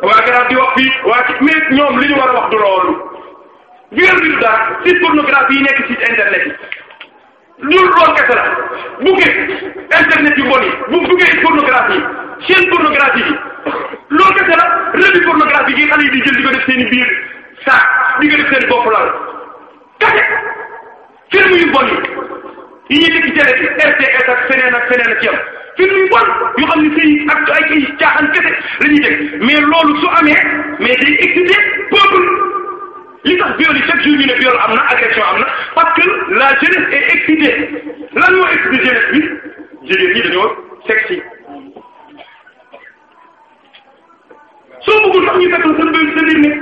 waa garab di wax fii waa ci mais ñoom li ñu war a wax du loolu viol bi du dara site pornographie yi nekk site internet yi loolu loolu kese la buggee internet yu bon yi bu buggee pornographie yi chaîne pornographie yi loolu kese la revue pornographie viol yi chaque jour ñu ne viol am na agression am na parce la jeunesse est excitée lan moo excité jeunesse bi jigéen ñi dañoo sexy soo bëggul sax ñu fekkal sa biir sa biir nekk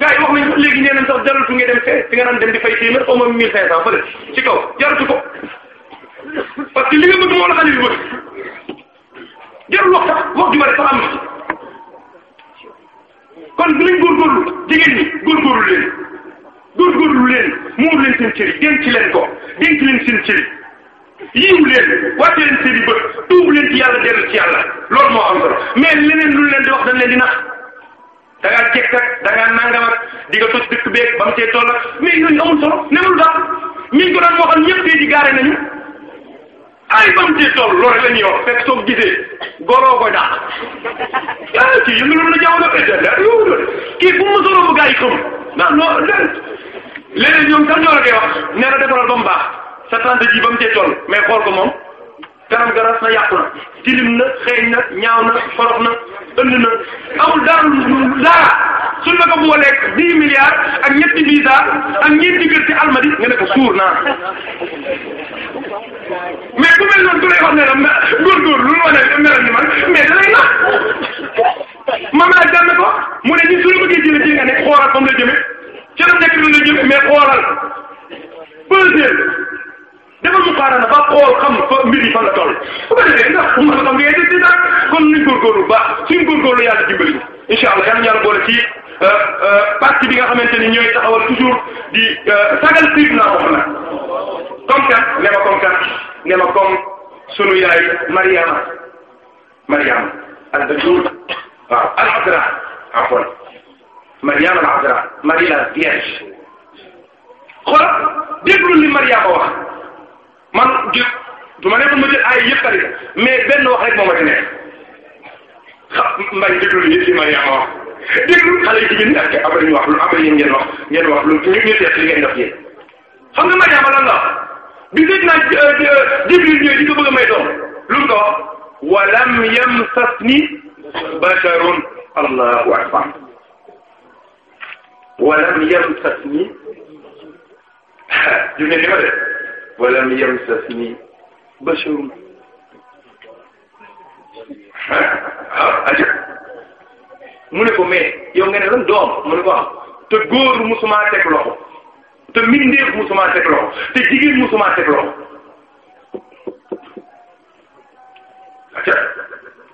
gars yi wax nañu sax léegi nee nañ sax jaratu nga dem fee fi nga naan dem di fay téeméer au moins mille cinq cent fële ci kaw jaratu ko parce que li nga bëgg moo la xale bi bëgg jarul wax sax wax ju bari sax am na kon dinañ góorgóorlu jigéen ñi góorgóorlu leen góorgóorlu leen muur leen seen cëri denc leen ko denc leen seen cëri yiiw leen wàcce leen seen i bët tuub leen ci yàlla dellu ci yàlla loolu moo am solo mais leneen lu leen di wax dañ leen di nax da ngaa jekk ak da ngaa nangam ak di nga tos dëkk beeg ba mu see toll mais yooyu amul solo nemul daal mi ngi ko doon moo xam ñëpp tey di gaare nañu. ay ba mu ci toll loolu la ñuy wax fekk soo gisee goroo koy dàq ah kii yëngu na jaww eh, ji kii bu mu soroo bu gaa yi l non non léeg-léeg ñoom sax ñoo la koy wax nee na defaral ba mu sa tante ji ba mu ci toll mais xool ko moom. kanam ga ras na yàqu na tilim na xeeñ na ñaaw na xorox na ënd na amul dara dara suñ la ko booleeg dix milliards ak ñetti visa ak ñeenti kër ci almadi nga ne ko suur naa mais ku mel noonu ku la góorgóor lu ma ne lay nax maam laaj daan na ko mu ne ñun su la bëggee jëlee ci nga ne xoolal ba mu la jëmee ci la nekk lu la jëmee mais xoolal pesé dafa mu xaarana ba xool xam fa mbir yi fan la toll bu ko defee ndax mën xam nga yéen di daal kon nañ góorgóorlu baax suñ góorgóorlu yàlla dimbali incha allah yàlla ñu yàlla boole ci euh, euh, parti bi nga xamante ni ñooy taxawal toujours di euh, sagal Seydina Muhammad comme kat ne ma comme kat ne ma comme sunu yaay Mariama Mariama al-Azur al-Azra afwan Mariama al-Azra Marie la Vierge xoolal déglu man jël du ma nekk ma jël ay yëpp tari mais benn wax rek moo ma ci nekk xam mbay déglu li si Mariama wax déglu xale yu jigéen ñi ak après ñu wax lu après yéen ngeen wax ngeen wax lu ñu ñu seet li ngeen def yéen xam nga Mariama lan la bi seet naa euh, euh, Jibril ñëw di ko bëgg a may doom lu mu ko wax walam yamsasni basharun allahu akbar walam yamsasni ju *laughs* ngeen li ma def walam yamsasni basharun mu ne ko mais yow nga ne lan doom mu ne ko am ah, te góor musuma teg loxo te mbindeef musuma teg loxo te jigéen musuma teg loxo aca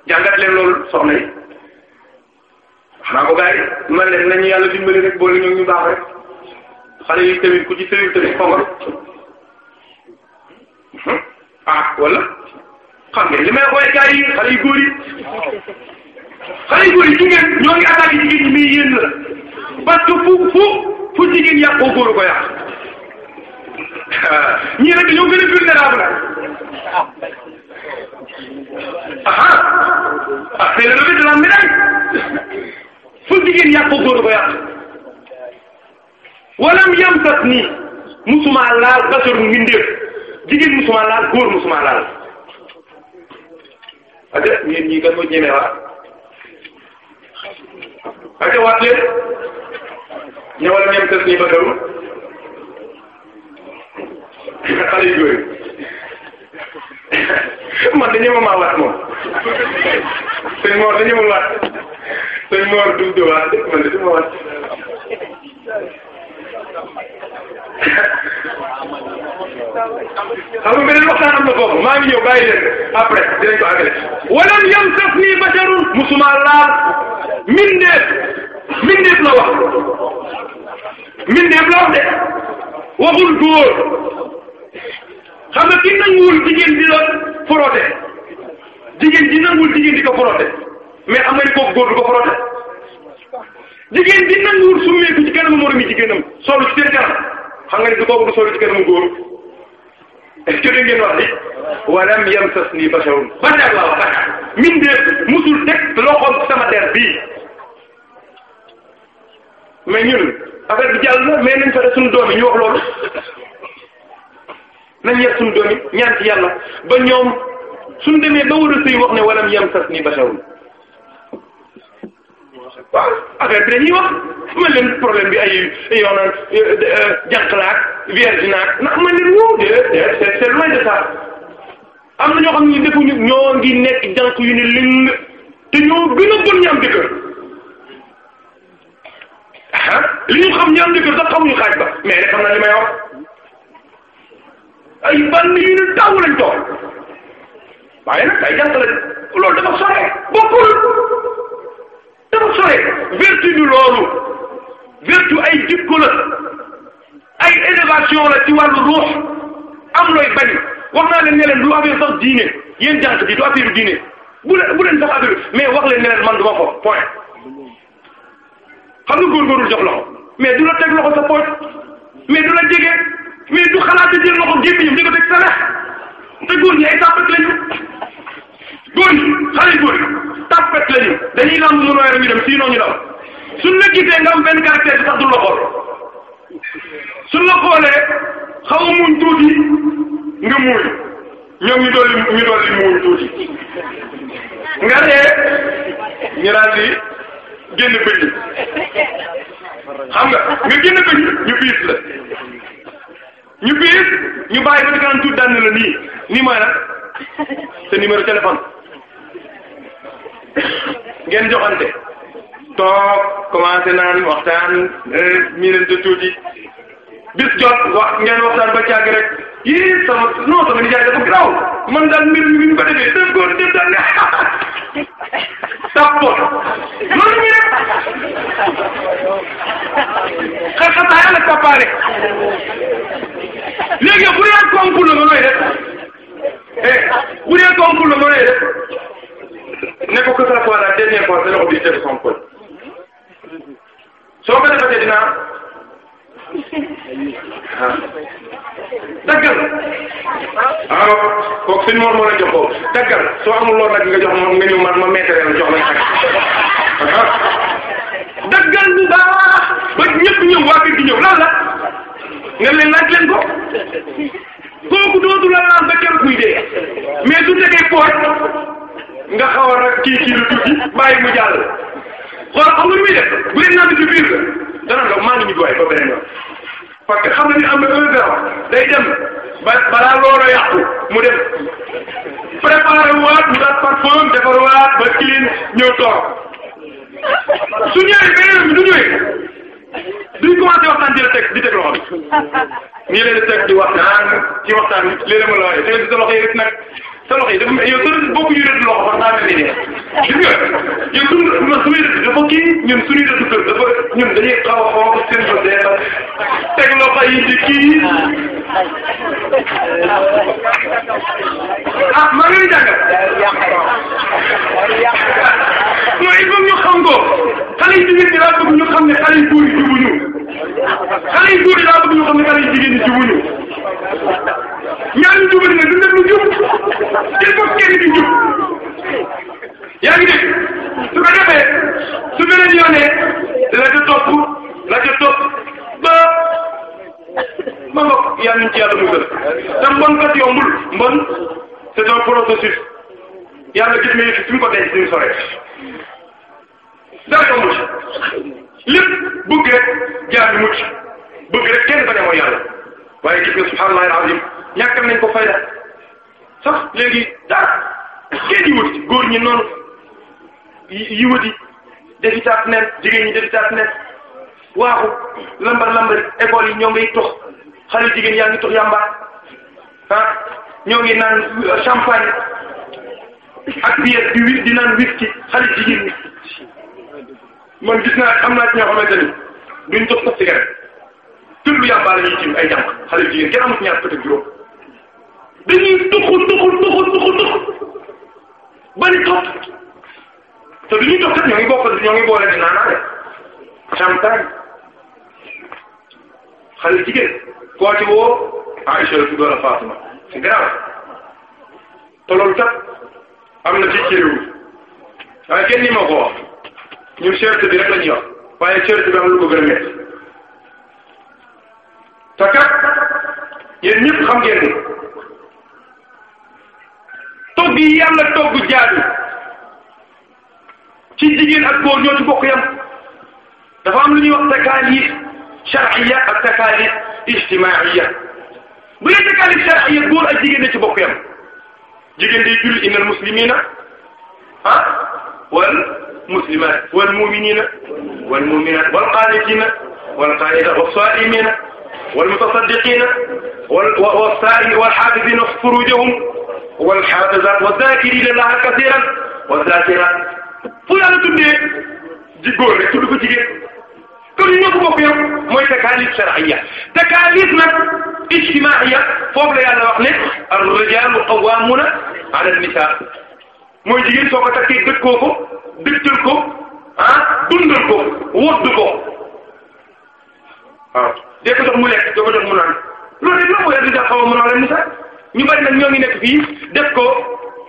jàngat leen loolu soxna yi xanaa ko gars yi man leen nañu yàlla dimbali rek boole ñoom ñu baax rek xale yi tamit ku ci sëyul tamit fongal ah wala xam ngeen li may xoolee gars yi xale yu góor yi xale yu góor yi jigéen ñoo ngi attaqué jigéen ñi muy yéen la parce que fu fu fu jigéen yàqoo góor ko yàq *laughs* ñii nag dañoo gën a vulnérable aha ah c'est le revers de la médaille fu jigéen yàqoo góor ko yàq walam yamsatnii musuma laal basharun min mbindeef jigéen musuma laal góor musuma laal ate ñun ñii kan moo ñemee waat ate waat leen ñëwal ñem tës ni ba daru xale yu yooyu man de ñema maa waat moom sëñ Mor de ñema waat sëñ Mor du du waat man de du ma waat xam nga beneen maa ngi ñëw bàyyi leen après dinañ ko àggale walam yamsasni basharun musuma laal mindeef mindeef la wax mindeef la wax de waxul góor xam nga ki nanguwul jigéen di la frotter jigéen ji nanguwul jigéen di ko frotter mais am nga ni kooku góor du ko frotter jigéen bi nanguwul summeeku ci kanamu moromi jigéenam solu ci seen kanam xam nga ni du boobu solu ci kanamu góor est-ce que dégg ngeen wax ni walam yamsasni min de musul teg loxoom sama der bii mais ñun affaire bi jàll na mais nañ fexe suñu doom yi ñu wax loolu nañ yar suñu doom yi ñaan yàlla ba ñoom suñu demee ba war a sëy wax ne walam yamsasni basharun waaw affaire bi dañuy wax man leen problème bi ay yoo naan euh, euh, jànq naag vierge naag ndax man leen woo de c'est c'est loin de ça am na ñoo xam ne defuñu ñoo ngi nekk jànq yu ne ling te ñoo gën a bon ñaam jëkkër ah li ñu xam ñaam jëkkër sax xamuñu xaaj ba mais rek xam naa li may wax ay bann yu ne taw lañ toog waaye nag ay jànq lañ loolu dafa sore bokkul dafa sore vertu du loolu vertu ay jikko la ay élévation la ci wàllu ruux am looy bañ wax naa leen ne leen du affaire sax diine yéen jànq bi du affaire diine bu leen bu leen sax affaire mais wax leen ne leen man du ma ko point xam nga góorgóorlu jox loxo mais du la teg loxo sa pooj mais du la jege mais du xalaat di jël loxo gémmiñam di ko teg sa lex te góor ñi ay sàppat lañu góor ñi xale góor tapet lañu dañuy lamb mu weer ñu dem sinon ñu daw suñ la gisee nga am benn caractère bi la xool suñ la xoolee xaw a muñ tuuti nga muuñ ñoom ñu dolli ñu dolli muuñ tuuti nga dee ñu daal di génn bëñ xam nga nga génn bëñ ñu biis la ñu biis ñu bàyyi ba di kanam tuuti daan la nii nii mooy nag sa numéro téléphone ngeen joxante toog commencé naan waxtaan miinante tuuti bis jot wax ngeen waxtaan ba caag rek yii sama non sama nijaay dafa graw man daal mbir mi ñu ko defee def ko def daal ne tappo loolu ñu rek xaxataa yàlla tappaale léegi bu dee konku la nga nooy def eh bu nga nooy ne ko que ça soit la dernière fois dana obligé de son col soo ko daggal ah kooku suñu moom moo la daggal soo amul lool nag nga jox man ma météo jox la ak daggal bu baax ba ñëpp waa kër gi ñëw lan la nga leen laaj leen ko kooku dootu la laal ba keroog muy dee mais su nga xaw a kii kii lu tuuti bàyyi mu jàll xool am na lu muy def bu dee naan ci biir la dana la maa ngi ñu waay ba beneen yoon parce que xam na ni am na un zéro day dem ba balaa looloo yàqu mu dem préparé waat mu daal parfum defar waat ba clean ñëw toog su ñëwee beneen bi du ñëwee duñ commencé waxtaan di la teg di teg loxo bi nii leen di di waxtaan ci waxtaan bi léeg-léeg ma la waxee seen loxo yi rek nag. sa loxo yi dafa mel yow soo bokk ñu rëdd loxo sax naa mel ni gis nga yow suñu suñuy rëdd dafa kii ñun suñuy rëdd kër dafa ñun dañuy xaw a xaw a seen yoon day teg loxo yi di kii ah maa ngi leen di jàngal yooyu il faut ñu xam ko xale yu jigéen ñi laa bëgg ñu xam ne xale yu góor yi jubuñu xale yu góor yi laa ñu xam ne xale yu jigéen ñi jubuñu ñaari jubali nag duñ def lu jub il faut kenn di jub yaa ngi dégg su ko defee su beneen yoonee la ca topp la ca topp ba ma nga yàlla ñu ci yàlla mu gën te mbon kat yombul mbon c'est un processus yàlla gis nañu fi mu ko denc suñu soree dara yombul lépp bëgg rek jaar bi mucc bëgg rek kenn bañ a mooy yàlla waaye gis nga subhanallah alazim ñàkkal nañ ko fayda sax léegi dara kenn yi wut góor ñi noonu yi wuti defi taat nen jigéen ñi defi taat nen waaxu lambar lambari école yi ñoo ngay to xale jigéen yaa ngi tox yàmbaar ah ñoo ngi naan champagne ak biir di wit di naan wit ci xale jigéen ñi man gis naa am naa ci ñoo xamante ni duñ dox sax cigarette tur bi yàmbaa la ñuy tiim ay jàmb xale jigéen kenn amut ñaar peut-être juróom dañuy tuxu tuxu tuxu tuxu tuxu bari topp te du ñuy toog kat ñoo ngi bokkal ñoo ngi boole di naanaa de champagne xale jigéen koo ci woo Aïcha la tudd wala Fatima c'est grave te loolu kat am na ci cëriwu waaye kenn ma ko wax ñun bi rek la ñuy wax waaye bi am lu ko gën a métti te kat yéen ñëpp xam ngeen ni ci jigéen ak góor ñoo ci bokk yam dafa am lu ñuy takalif shar'iyya ak takalif ijtima'iyya bu dee takalif shar'iyya góor ak jigéen ne ci bokk yam jigéen day julli innal muslimina ah wal muslimat wal muminina wal muminat wal qaanitina wal qaanita wa saimina wal mutasaddiqina wal wa saai wal xaafidina furujahum wal xaafizat wa zakirina allaha kasiran wa zakirat fu yàlla tuddee ji góor rek tudd ko jigéen kon ñëpp bokk yëpp mooy takalif shar'iyya takalif nag ijtimaiya foofu la yàlla wax ne ar-rijaalu qawwaamuuna ala an-nisaa mooy jigéen soo ko takkee dëkkoo ko dëkkal ko ah dundal ko wodd ko waaw dee ko jox mu lekk doo ko jox mu naan loolu rek la mooy ar-rijaal qawwaamuuna ala an-nisaa ñu bari nag ñoo ngi nekk fii def ko.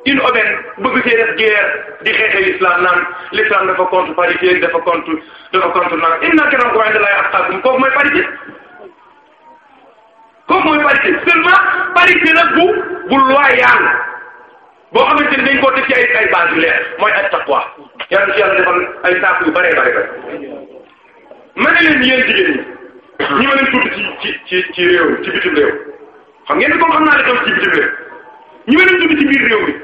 une aubaine bëgg cee def guerre di xeexee l'islam naan l'islam dafa contre parité dafa contre dafa contre naan inna akramakum indallahi atqakum kooku mooy parité kooku mooy parité seulement parité nag bu bu loyal boo xamante ni dañ koo def ci ay ay base yu leer mooy at taqwa yàlla ci yàlla defal ay saako yu bëree bëri bëri ma ne leen yéen jigéen ñi ñi ma leen tudd ci ci ci ci réew ci bitim réew xam ngeen ni kon xam naa ne xew ci bitim réew ñi ma leen tudd ci biir réew mi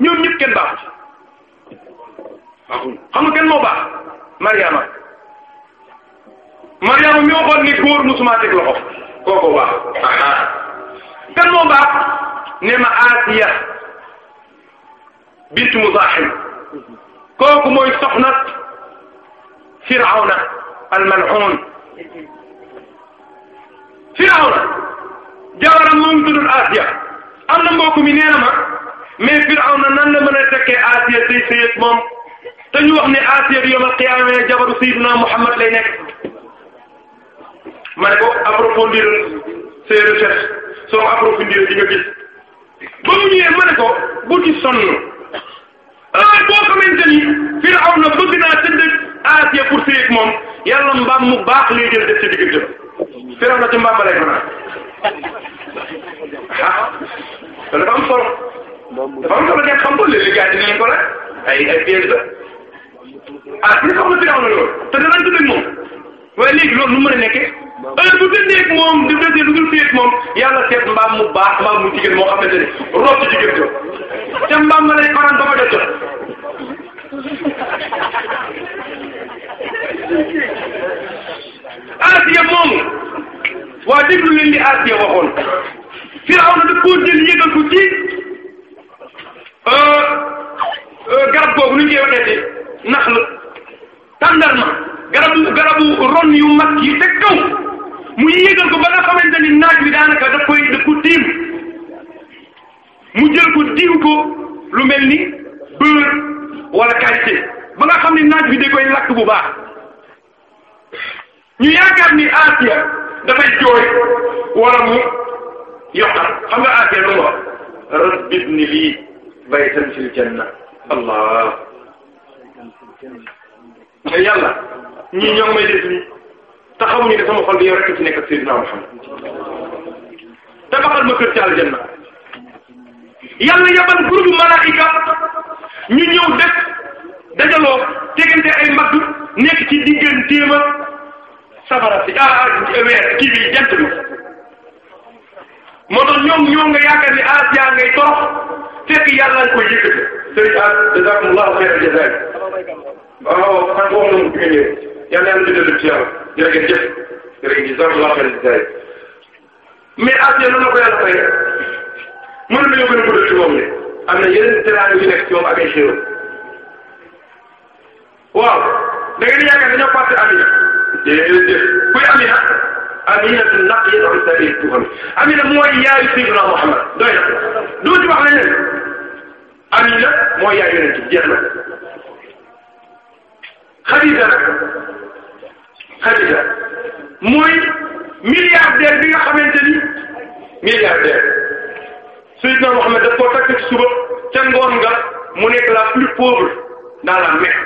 ñoom ñëpp kenn baaxu xam Mariama Mariama mi waxoon ni góor musuma loxo kooku baax *laughs* kenn moo baax ne ma Asiya bintu Muzahim mooy soxna Firawna al Firawna jawaram moom tuddul Asiya am na mi nee mais Firawna nan la mën a tekkee Asiya say sëyët moom te ñu wax ne Asiya bi yawmal qiyaama jabaru Sayyidina Muhammad lay nekk ma ne ko approfondir ses recherches soo approfondir di nga gis ba mu ñëwee ma ne ko bu ci sonn ah boo xamante ni Firawna bëgg naa tëdd Asiya pour sëyët moom yàlla mbaam mu baax lay jël def ci diggante Firawna ci mbaam lay fanaan *laughs* ah dafa am solo. dafa am solo ngeen xam ko léeg-léeg gars yi dinañ ko laaj ay ay piège la ah dina soxla fi amoon loolu te danañ tudd ak moom waaye léegi loolu nu mu mën a nekkee heure bu gënneeg moom di gënneeg lu gën féet moom yàlla seet mbaam mu baax mbaam mu jigéen moo xamante ne rob ci jigéen ko te mbaam ma lay faral ba ma jot jot. Asiya moomu waa déglu leen li Asiya waxoon Firawna da koo jël yëgal ko ci. Euh, euh, garab boobu nu ñu koy waxeeti nax la tàndarma garabu garabu ron yu mag yi teg kaw mu yéegal ko ba nga xamante ni naaj wi daanaka daf koy daf ko tiim mu jël ko tiim ko lu mel ni beurre wala qualité ba nga xam ni naaj wi da koy lakk bu baax ñu yaakaar ni Asiya dafay jooy wala mu yokkal xam nga Asiya lu mu wax rabbibni lii baytan fil janna allah mais yàlla ñii ñoo ngi may dégg nii te xamuñu ne sama xol bi yow rek ci nekk ak Seydina Muhammad tabaxal ma kër ci aljanna yàlla yabal groupe malaika ñu ñëw def dajaloo tegante ay mbagg nekk ci digganteem ak sabara si ah, ah weer kii bi jant bi moo tax ñoom ñoo ni aas yaa ngay torox fekk yàlla nga koy yëkkati sëriñ As jazakumullahu xayra jazaak waaw man boobu noonu bi nga ñëwee yàlla yàlla dëgg ci yàlla jërë ngeen jëf jërë ngeen jazakumullahu xayra jazaak mais as yéen na ko yàlla fay mën nañoo gën a guddal ci moom ne am na yeneen teraanga yu nekk ci moom ak ay xéewal waaw da ngeen yaakaar dañoo fàtte Amina déedéet kuy Amina ah? aminatu naqi wa sabil tuham amina mooy yaayu sayyidina Muhammad doy na doo ci wax mooy yaayu bi jeex na Xadija nag Xadija mooy milliardaire bi nga xamante ni milliardaire Seydina Mohamed daf koo takk ci suba ca ngoon nga mu nekk la plus pauvre dans la mer